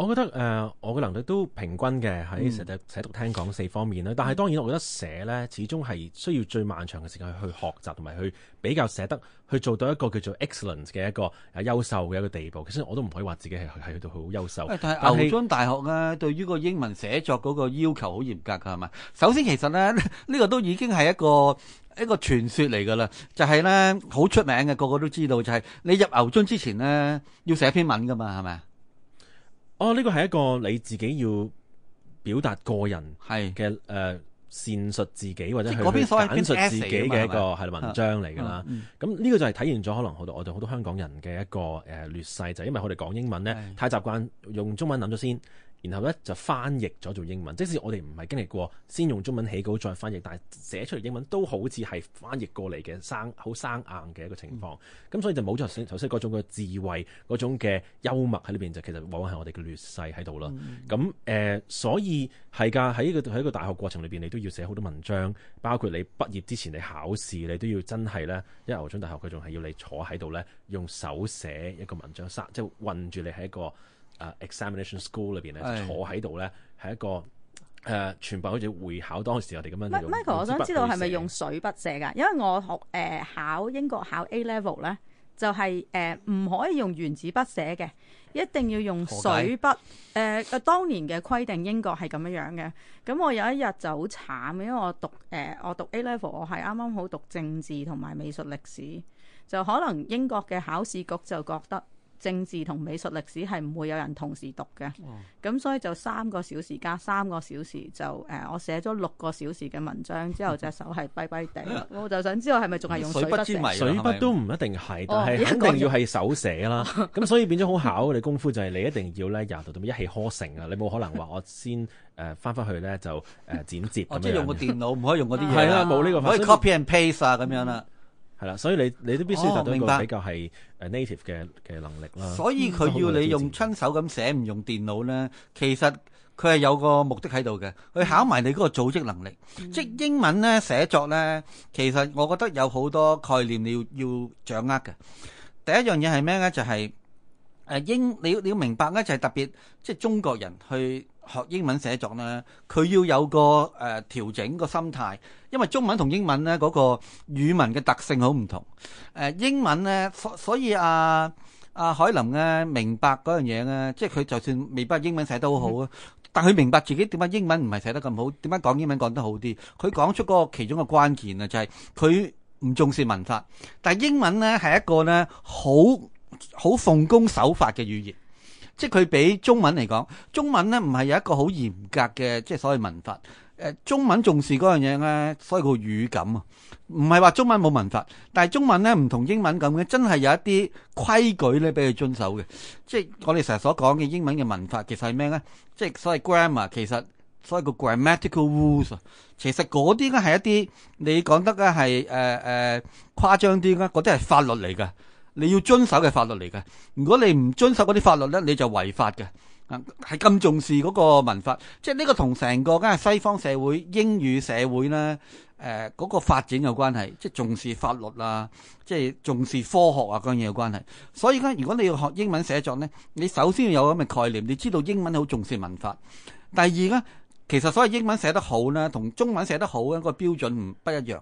我覺得誒、呃，我嘅能力都平均嘅喺寫、嗯、寫讀聽講四方面啦。但係當然，我覺得寫咧，始終係需要最漫長嘅時間去學習同埋去比較寫得去做到一個叫做 excellence 嘅一個啊優秀嘅一個地步。其實我都唔可以話自己係係去到好優秀。但係牛津大學咧、啊，對於個英文寫作嗰個要求好嚴格㗎係嘛？首先其實咧，呢、這個都已經係一個一個傳說嚟㗎啦。就係咧好出名嘅，個個都知道就係、是、你入牛津之前咧要寫篇文㗎嘛係咪？哦，呢個係一個你自己要表達個人嘅，誒，闡是、呃、述自己或者去闡述自己嘅一個係文章嚟噶啦。咁呢、嗯、個就係體現咗可能好多我哋好多香港人嘅一個誒劣勢，就係因為我哋講英文咧，是太習慣用中文諗咗先。然後咧就翻譯咗做英文，即使我哋唔係經歷過，先用中文起稿再翻譯，但係寫出嚟英文都好似係翻譯過嚟嘅生，好生硬嘅一個情況。咁、嗯、所以就冇咗頭先頭先嗰種嘅智慧，嗰種嘅幽默喺裏邊，就其實往往係我哋嘅劣勢喺度啦。咁誒、嗯呃，所以係㗎，喺個喺個大學過程裏邊，你都要寫好多文章，包括你畢業之前你考試，你都要真係咧，因為牛津大學佢仲係要你坐喺度咧，用手寫一個文章，即係困住你喺一個。Uh, examination school 裏邊咧，的坐喺度咧，係一個誒、呃，全部好似會考當時我哋咁樣 Michael。Michael，我想知道係咪用水筆寫噶？因為我學誒、呃、考英國考 A level 咧、就是，就係誒唔可以用原子筆寫嘅，一定要用水筆。誒解、呃，當年嘅規定英國係咁樣樣嘅。咁我有一日就好慘，因為我讀誒、呃，我讀 A level，我係啱啱好讀政治同埋美術歷史，就可能英國嘅考試局就覺得。政治同美術歷史係唔會有人同時讀嘅，咁、嗯、所以就三個小時加三個小時就誒、呃，我寫咗六個小時嘅文章之後隻手係跛跛地，我就想知道係咪仲係用水筆寫？水筆都唔一定係，但係肯定要係手寫啦。咁、哦、 所以變咗好考你功夫，就係你一定要咧廿度到一氣呵成啊！你冇可能話我先誒翻翻去咧就誒剪接咁樣、 哦。即係用個電腦唔 可以用嗰啲嘢。係啦、啊，冇呢個。可以 copy and paste 啊咁樣啊。係啦，所以你你都必須達到一個比較係誒 native 嘅嘅能力啦。所以佢要你用親手咁寫唔用電腦咧，其實佢係有個目的喺度嘅。佢考埋你嗰個組織能力，即係英文咧寫作咧，其實我覺得有好多概念你要要掌握嘅。第一樣嘢係咩咧？就係誒英，你要你要明白咧，就係特別即係中國人去學英文寫作咧，佢要有個誒調整個心態。因為中文同英文呢嗰、那個語文嘅特性好唔同，誒、呃、英文呢，所以阿阿、啊啊、海林呢、啊、明白嗰樣嘢呢，即係佢就算未必英文寫得好好啊，嗯、但佢明白自己點解英文唔係寫得咁好，點解講英文講得好啲，佢講出個其中嘅關鍵啊，就係佢唔重視文法。但係英文呢係一個呢好好奉公守法嘅語言，即係佢比中文嚟講，中文呢唔係有一個好嚴格嘅即係所謂文法。誒、呃、中文重視嗰樣嘢咧，所以個語感啊，唔係話中文冇文法，但係中文咧唔同英文咁嘅，真係有一啲規矩咧俾佢遵守嘅。即係我哋成日所講嘅英文嘅文法，其實係咩咧？即係所謂 grammar，其實所謂個 grammatical rules，其實嗰啲咧係一啲你講得咧係誒誒誇張啲啦，嗰啲係法律嚟㗎，你要遵守嘅法律嚟㗎。如果你唔遵守嗰啲法律咧，你就違法嘅。係咁重視嗰個文法，即係呢個同成個梗係西方社會、英語社會呢誒嗰、呃嗰個發展有關係，即係重視法律啊，即係重視科學啊嗰樣嘢有關係。所以呢，如果你要學英文寫作呢，你首先要有咁嘅概念，你知道英文好重視文法。第二呢，其實所謂英文寫得好呢，同中文寫得好呢、嗰個標準唔不一樣。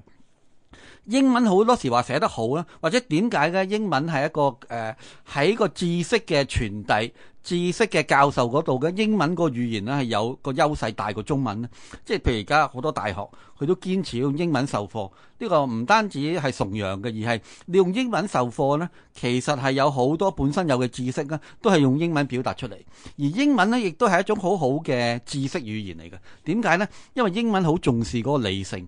英文好多時話寫得好啦，或者點解呢？英文係一個誒喺個知識嘅傳遞、知識嘅教授嗰度嘅英文個語言呢，係有個優勢大過中文呢。即係譬如而家好多大學佢都堅持用英文授課，呢個唔單止係崇洋嘅，而係你用英文授課呢其實係有好多本身有嘅知識呢都係用英文表達出嚟。而英文呢，亦都係一種好好嘅知識語言嚟嘅。點解呢？因為英文好重視嗰個理性。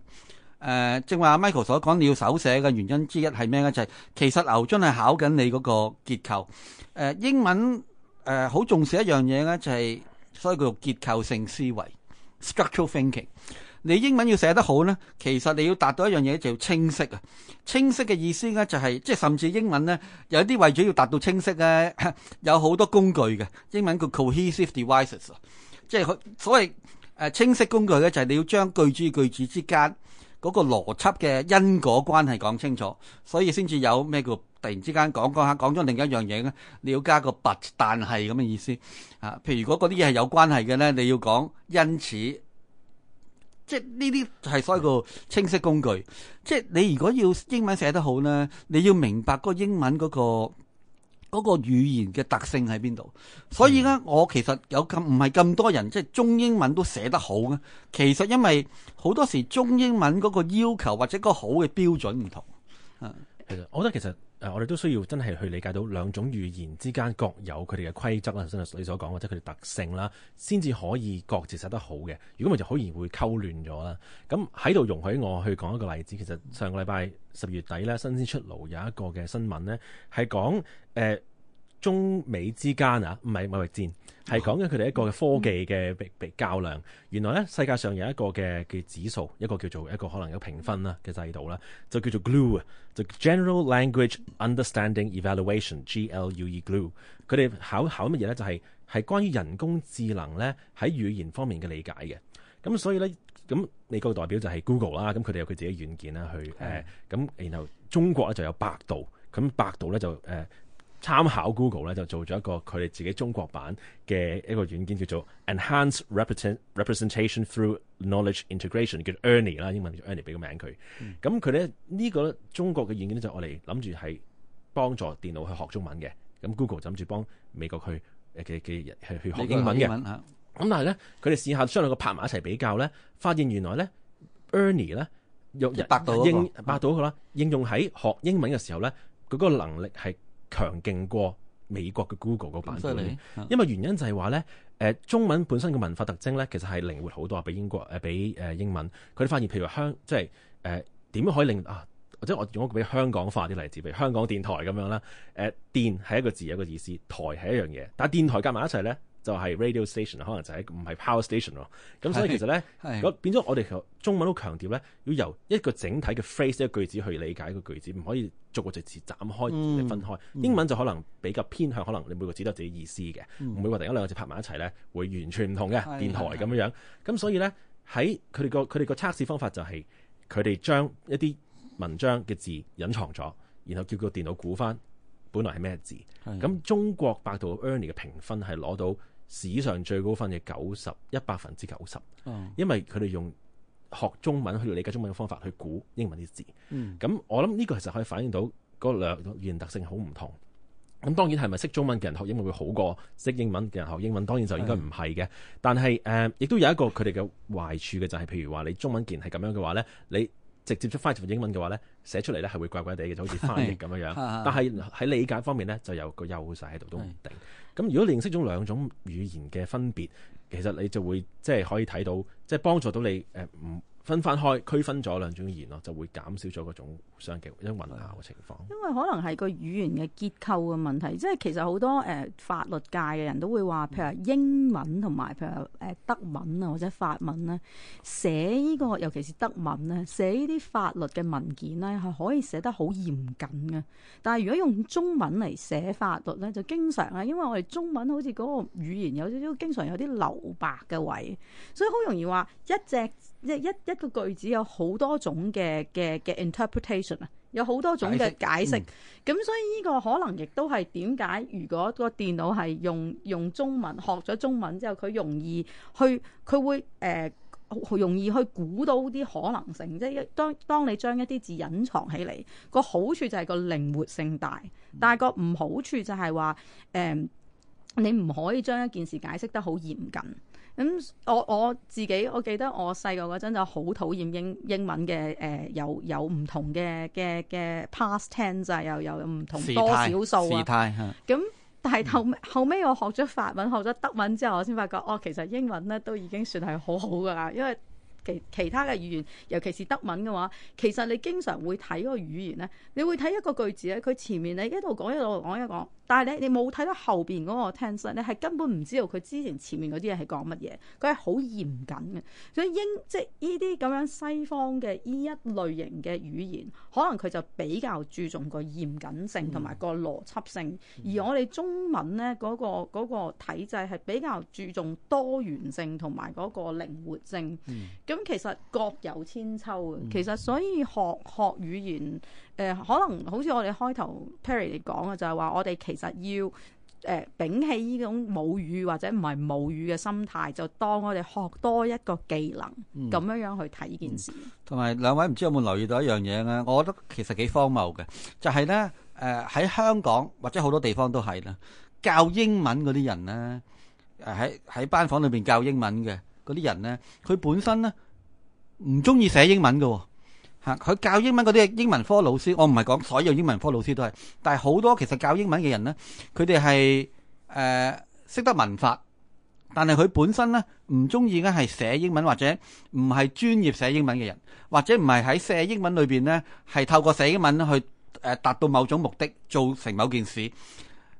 誒，正話阿 Michael 所講，你要手寫嘅原因之一係咩咧？就係其實牛津係考緊你嗰個結構。誒，英文誒好重視一樣嘢咧，就係所以叫結構性思維 （structural thinking）。你英文要寫得好咧，其實你要達到一樣嘢就要清晰啊！清晰嘅意思咧，就係即係甚至英文咧有啲為咗要達到清晰咧，有好多工具嘅英文叫 cohesive devices 啊。即係佢所謂誒清晰工具咧，就係你要將句子句子之間。嗰個邏輯嘅因果關係講清楚，所以先至有咩叫突然之間講講下，講咗另一樣嘢咧，你要加個 but，但係咁嘅意思嚇、啊。譬如，如果嗰啲嘢係有關係嘅咧，你要講因此，即係呢啲係所謂個清晰工具。即係你如果要英文寫得好呢，你要明白嗰個英文嗰、嗰個。嗰個語言嘅特性喺邊度？所以呢，我其實有咁唔係咁多人，即係中英文都寫得好嘅。其實因為好多時中英文嗰個要求或者個好嘅標準唔同。嗯，其實我覺得其實。誒、啊，我哋都需要真係去理解到兩種語言之間各有佢哋嘅規則啦，即係你所講嘅，即係佢哋特性啦，先至可以各自寫得好嘅。如果咪就好易會溝亂咗啦。咁喺度容許我去講一個例子，其實上個禮拜十月底咧，新鮮出爐有一個嘅新聞咧，係講誒。呃中美之間啊，唔係貿易戰，係講緊佢哋一個科技嘅比被較量。原來呢，世界上有一個嘅嘅指數，一個叫做一個可能有個評分啦嘅制度啦，就叫做 GLUE，The General Language Understanding Evaluation（GLUE）。佢哋、e、考考乜嘢呢？就係、是、係關於人工智能呢，喺語言方面嘅理解嘅。咁所以呢，咁美國代表就係 Google 啦，咁佢哋有佢自己軟件啦，去誒。咁、呃、然後中國咧就有百度，咁百度呢就誒。呃參考 Google 咧，就做咗一個佢哋自己中國版嘅一個軟件，叫做 Enhanced Representation Through Knowledge Integration，叫做 Ernie 啦，英文叫 Ernie，俾個名佢。咁佢咧呢個中國嘅軟件咧，就我哋諗住係幫助電腦去學中文嘅。咁 Google 就諗住幫美國去嘅嘅係去，去，去學，英學英文嘅。咁但係咧，佢哋試下將兩個拍埋一齊比較咧，發現原來咧 Ernie 咧有百度一個百度一個啦，應，嗯、應用喺學英文嘅時候咧，佢、那、嗰個能力係。強勁過美國嘅 Google 個版本，因為原因就係話咧，誒、呃、中文本身嘅文化特徵咧，其實係靈活好多啊，比英國誒、呃、比誒英文佢哋發現，譬如話香即係誒點樣可以令啊，或者我用一個比香港化啲例子，譬如香港電台咁樣啦，誒、呃、電係一個字，有一個意思，台係一樣嘢，但係電台夾埋一齊咧。就係 radio station，可能就係唔係 power station 喎是。咁所以其實咧，個是變咗我哋中文好強調咧，要由一個整體嘅 phrase 一、嗯、個句子去理解個句子，唔可以逐個隻字斬開嚟分開。嗯、英文就可能比較偏向，可能你每個字都有自己意思嘅，唔會話突然間兩個字拍埋一齊咧，會完全唔同嘅。嗯、電台咁樣樣，咁所以咧喺佢哋個佢哋個測試方法就係佢哋將一啲文章嘅字隱藏咗，然後叫個電腦估翻本來係咩字。咁中國百度嘅 ERNIE 嘅評分係攞到，史上最高分嘅九十一百分之九十，因為佢哋用學中文去理解中文嘅方法去估英文啲字，咁、嗯、我諗呢個其實可以反映到兩語言特性好唔同。咁當然係咪識中文嘅人學英文會好過識英文嘅人學英文，當然就應該唔係嘅。是的 但係誒，亦、呃、都有一個佢哋嘅壞處嘅就係、是、譬如話你中文既然係咁樣嘅話，呢你直接出返一份英文嘅話，呢寫出嚟呢係會怪怪哋嘅，就好似翻譯咁樣樣。是的 但係喺理解方面呢，就有個優勢喺度都唔定。是的 咁如果你認識咗兩種語言嘅分別，其實你就會即係可以睇到，即係幫助到你誒唔、呃分翻開，區分咗兩種言咯，就會減少咗嗰種雙歧一混淆嘅情況。因為可能係個語言嘅結構嘅問題，即係其實好多誒、呃、法律界嘅人都會話，譬如英文同埋譬如誒德文啊，或者法文呢，寫呢、呢個，尤其是德文呢，寫呢啲法律嘅文件呢，係可以寫得好嚴謹嘅。但係如果用中文嚟寫法律呢，就經常啊，因為我哋中文好似嗰個語言有少少，經常有啲留白嘅位，所以好容易話一隻。即一一個句子有好多種嘅嘅嘅 interpretation 啊，有好多種嘅解釋。咁、嗯、所以呢個可能亦都係點解如果個電腦係用用中文學咗中文之後，佢容易去佢會誒、呃、容易去估到啲可能性。即係當當你將一啲字隱藏起嚟，個好處就係個靈活性大，但係個唔好處就係話誒你唔可以將一件事解釋得好嚴謹。咁我我自己，我記得我細個嗰陣就好討厭英英文嘅，誒、呃、有有唔同嘅嘅嘅 past tense 又有唔同時態、多少數啊，咁但係後、嗯、後尾我學咗法文、學咗德文之後，我先發覺哦，其實英文咧都已經算係好好㗎啦，因為，其其他嘅語言，尤其是德文嘅話，其實你經常會睇嗰個語言呢，你會睇一個句子咧，佢前面咧一路講一路講一路講，但係咧你冇睇到後邊嗰個 tension，你係根本唔知道佢之前前面嗰啲嘢係講乜嘢，佢係好嚴謹嘅。所以英即係呢啲咁樣西方嘅呢一類型嘅語言，可能佢就比較注重個嚴謹性同埋個邏輯性，嗯、而我哋中文呢，嗰個嗰個體制係比較注重多元性同埋嗰個靈活性。嗯咁其實各有千秋啊！其實所以學學語言，誒可能好似我哋開頭 Perry 嚟講嘅，就係話我哋其實要誒摒棄呢種母語或者唔係母語嘅心態，就當我哋學多一個技能咁樣樣去睇呢件事。同埋兩位唔知有冇留意到一樣嘢咧？我覺得其實幾荒謬嘅，就係咧誒喺香港或者好多地方都係啦，教英文嗰啲人咧，誒喺喺班房裏邊教英文嘅。嗰啲人呢，佢本身呢唔中意寫英文嘅，嚇佢教英文嗰啲英文科老師，我唔係講所有英文科老師都係，但係好多其實教英文嘅人呢，佢哋係誒識得文法，但係佢本身呢唔中意呢係寫英文，或者唔係專業寫英文嘅人，或者唔係喺寫英文裏邊呢係透過寫英文去誒達到某種目的，做成某件事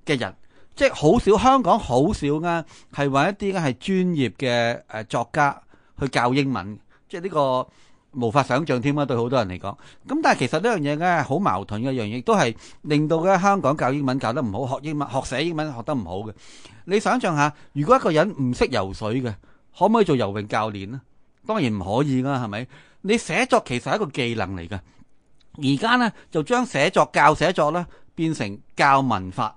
嘅人。即係好少，香港好少啊！係揾一啲啊係專業嘅誒作家去教英文，即係呢個無法想像添啊！對好多人嚟講，咁但係其實呢樣嘢咧好矛盾嘅一樣，亦都係令到嘅香港教英文教得唔好，學英文學寫英文學得唔好嘅。你想像下，如果一個人唔識游水嘅，可唔可以做游泳教練咧？當然唔可以啦，係咪？你寫作其實係一個技能嚟嘅，而家咧就將寫作教寫作咧變成教文法。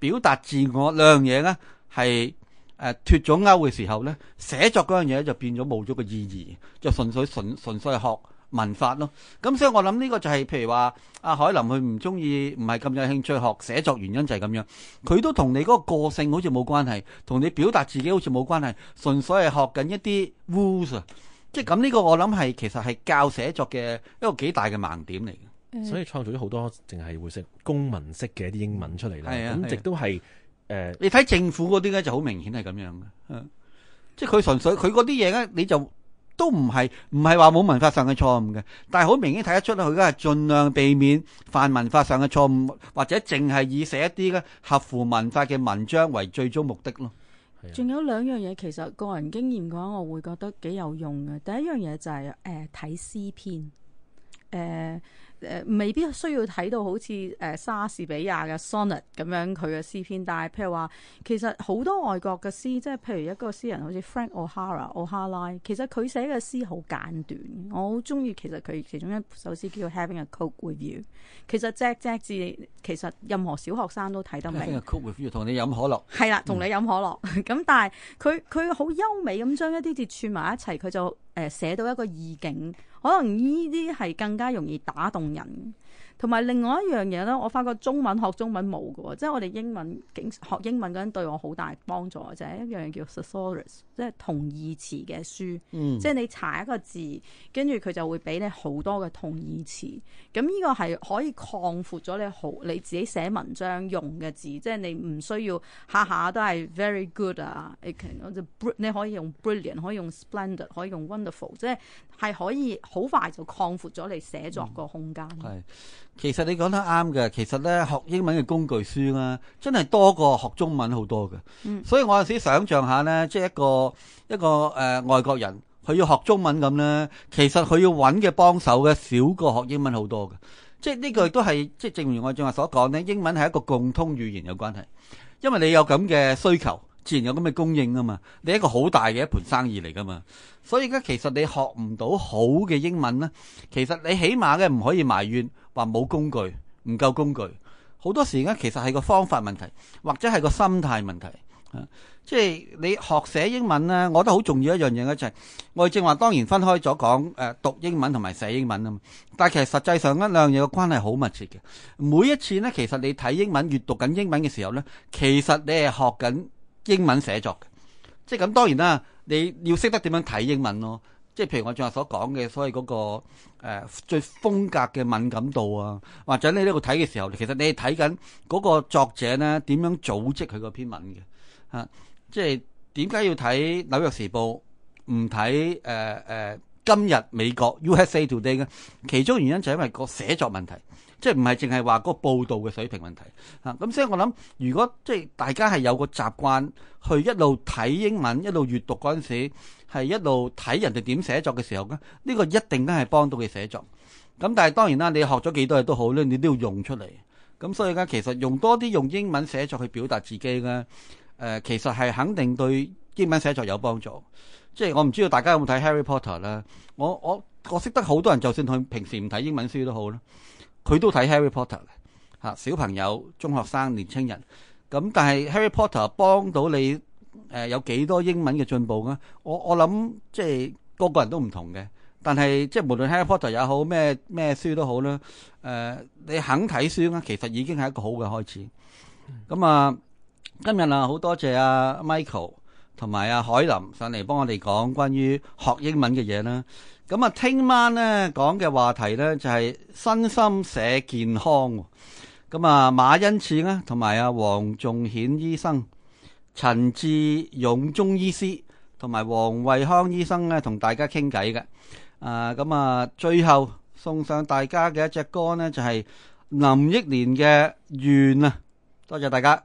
表達自我兩樣嘢呢，係誒脫咗鈎嘅時候呢，寫作嗰樣嘢就變咗冇咗個意義，就純粹純純粹係學文法咯。咁所以我諗呢個就係譬如話阿海林佢唔鍾意，唔係咁有興趣學寫作，原因就係咁樣。佢都同你嗰個個性好似冇關係，同你表達自己好似冇關係，純粹係學緊一啲 rules。即係咁呢個我諗係其實係教寫作嘅一個幾大嘅盲點嚟嘅。所以創造咗好多淨係會識公文式嘅一啲英文出嚟啦，咁亦、啊、都係誒，啊呃、你睇政府嗰啲咧就好明顯係咁樣嘅、啊，即係佢純粹佢嗰啲嘢咧，你就都唔係唔係話冇文化上嘅錯誤嘅，但係好明顯睇得出佢而家係盡量避免犯文化上嘅錯誤，或者淨係以寫一啲嘅合乎文化嘅文章為最終目的咯。仲、啊、有兩樣嘢，其實個人經驗嘅話，我會覺得幾有用嘅。第一樣嘢就係誒睇詩篇。誒誒、呃呃，未必需要睇到好似誒莎士比亞嘅 sonnet 咁樣佢嘅詩篇，但係譬如話，其實好多外國嘅詩，即係譬如一個詩人，好似 Frank O’Hara O’Hara，其實佢寫嘅詩好簡短。我好中意其實佢其中一首詩叫 Having a Coke with You，其實只只字，其實任何小學生都睇得明。Having a Coke with You 同你飲可樂。係啦，同你飲可樂。咁、嗯、 但係佢佢好優美咁將一啲字串埋一齊，佢就誒寫到一個意境。可能呢啲係更加容易打動人。同埋另外一樣嘢咧，我發覺中文學中文冇嘅喎，即係我哋英文學英文嗰陣對我好大幫助，就係、是、一樣叫 thesaurus 即係同義詞嘅書。嗯、即係你查一個字，跟住佢就會俾你好多嘅同義詞。咁呢個係可以擴闊咗你好你自己寫文章用嘅字，即係你唔需要下下都係 very good 啊，can, 你可以用 brilliant，可以用 splendid，可以用 wonderful，即係係可以好快就擴闊咗你寫作個空間。嗯其實你講得啱嘅，其實咧學英文嘅工具書啦、啊，真係多過學中文好多嘅。嗯、所以我有陣時想像下呢，即係一個一個誒、呃、外國人，佢要學中文咁呢，其實佢要揾嘅幫手嘅少過學英文好多嘅。即係呢個都係即係正如我正話所講呢，英文係一個共通語言有關係，因為你有咁嘅需求。自然有咁嘅供應啊嘛。你一個好大嘅一盤生意嚟噶嘛，所以而家其實你學唔到好嘅英文呢，其實你起碼咧唔可以埋怨話冇工具，唔夠工具，好多時咧，其實係個方法問題，或者係個心態問題啊。即係你學寫英文呢，我覺得好重要一樣嘢，一就係、是、我哋正話當然分開咗講誒讀英文同埋寫英文啊嘛。但係其實實際上一兩樣嘢嘅關係好密切嘅。每一次呢，其實你睇英文、閱讀緊英文嘅時候呢，其實你係學緊。英文寫作嘅，即係咁當然啦，你要識得點樣睇英文咯，即係譬如我最後所講嘅，所謂嗰、那個、呃、最風格嘅敏感度啊，或者你呢個睇嘅時候，其實你睇緊嗰個作者呢，點樣組織佢個篇文嘅，嚇、啊，即係點解要睇紐約時報唔睇誒誒今日美國 U.S.A. Today 嘅？其中原因就係因為個寫作問題。即係唔係淨係話嗰個報道嘅水平問題啊？咁所以我諗，如果即係大家係有個習慣去一路睇英文，一路閱讀嗰陣時，係一路睇人哋點寫作嘅時候咧，呢個一定都係幫到佢寫作。咁但係當然啦，你學咗幾多嘢都好咧，你都要用出嚟。咁所以咧，其實用多啲用英文寫作去表達自己咧，誒，其實係肯定對英文寫作有幫助。即係我唔知道大家有冇睇 Harry Potter 咧。我我我識得好多人，就算佢平時唔睇英文書都好咧。佢都睇 Harry Potter 嘅，吓小朋友、中學生、年青人，咁但係 Harry Potter 幫到你，誒有幾多英文嘅進步咧？我我諗即係個個人都唔同嘅，但係即係無論 Harry Potter 也好，咩咩書都好啦，誒你肯睇書咧，其實已經係一個好嘅開始。咁啊，今日啊好多謝阿 Michael 同埋阿海林上嚟幫我哋講關於學英文嘅嘢啦。咁啊，聽晚呢講嘅話題呢，就係身心社健康。咁啊，馬恩賜呢，同埋啊黃仲顯醫生、陳志勇中醫師同埋黃惠康醫生呢，同大家傾偈嘅。啊，咁啊，最後送上大家嘅一隻歌呢，就係林憶蓮嘅《願》啊！多謝大家。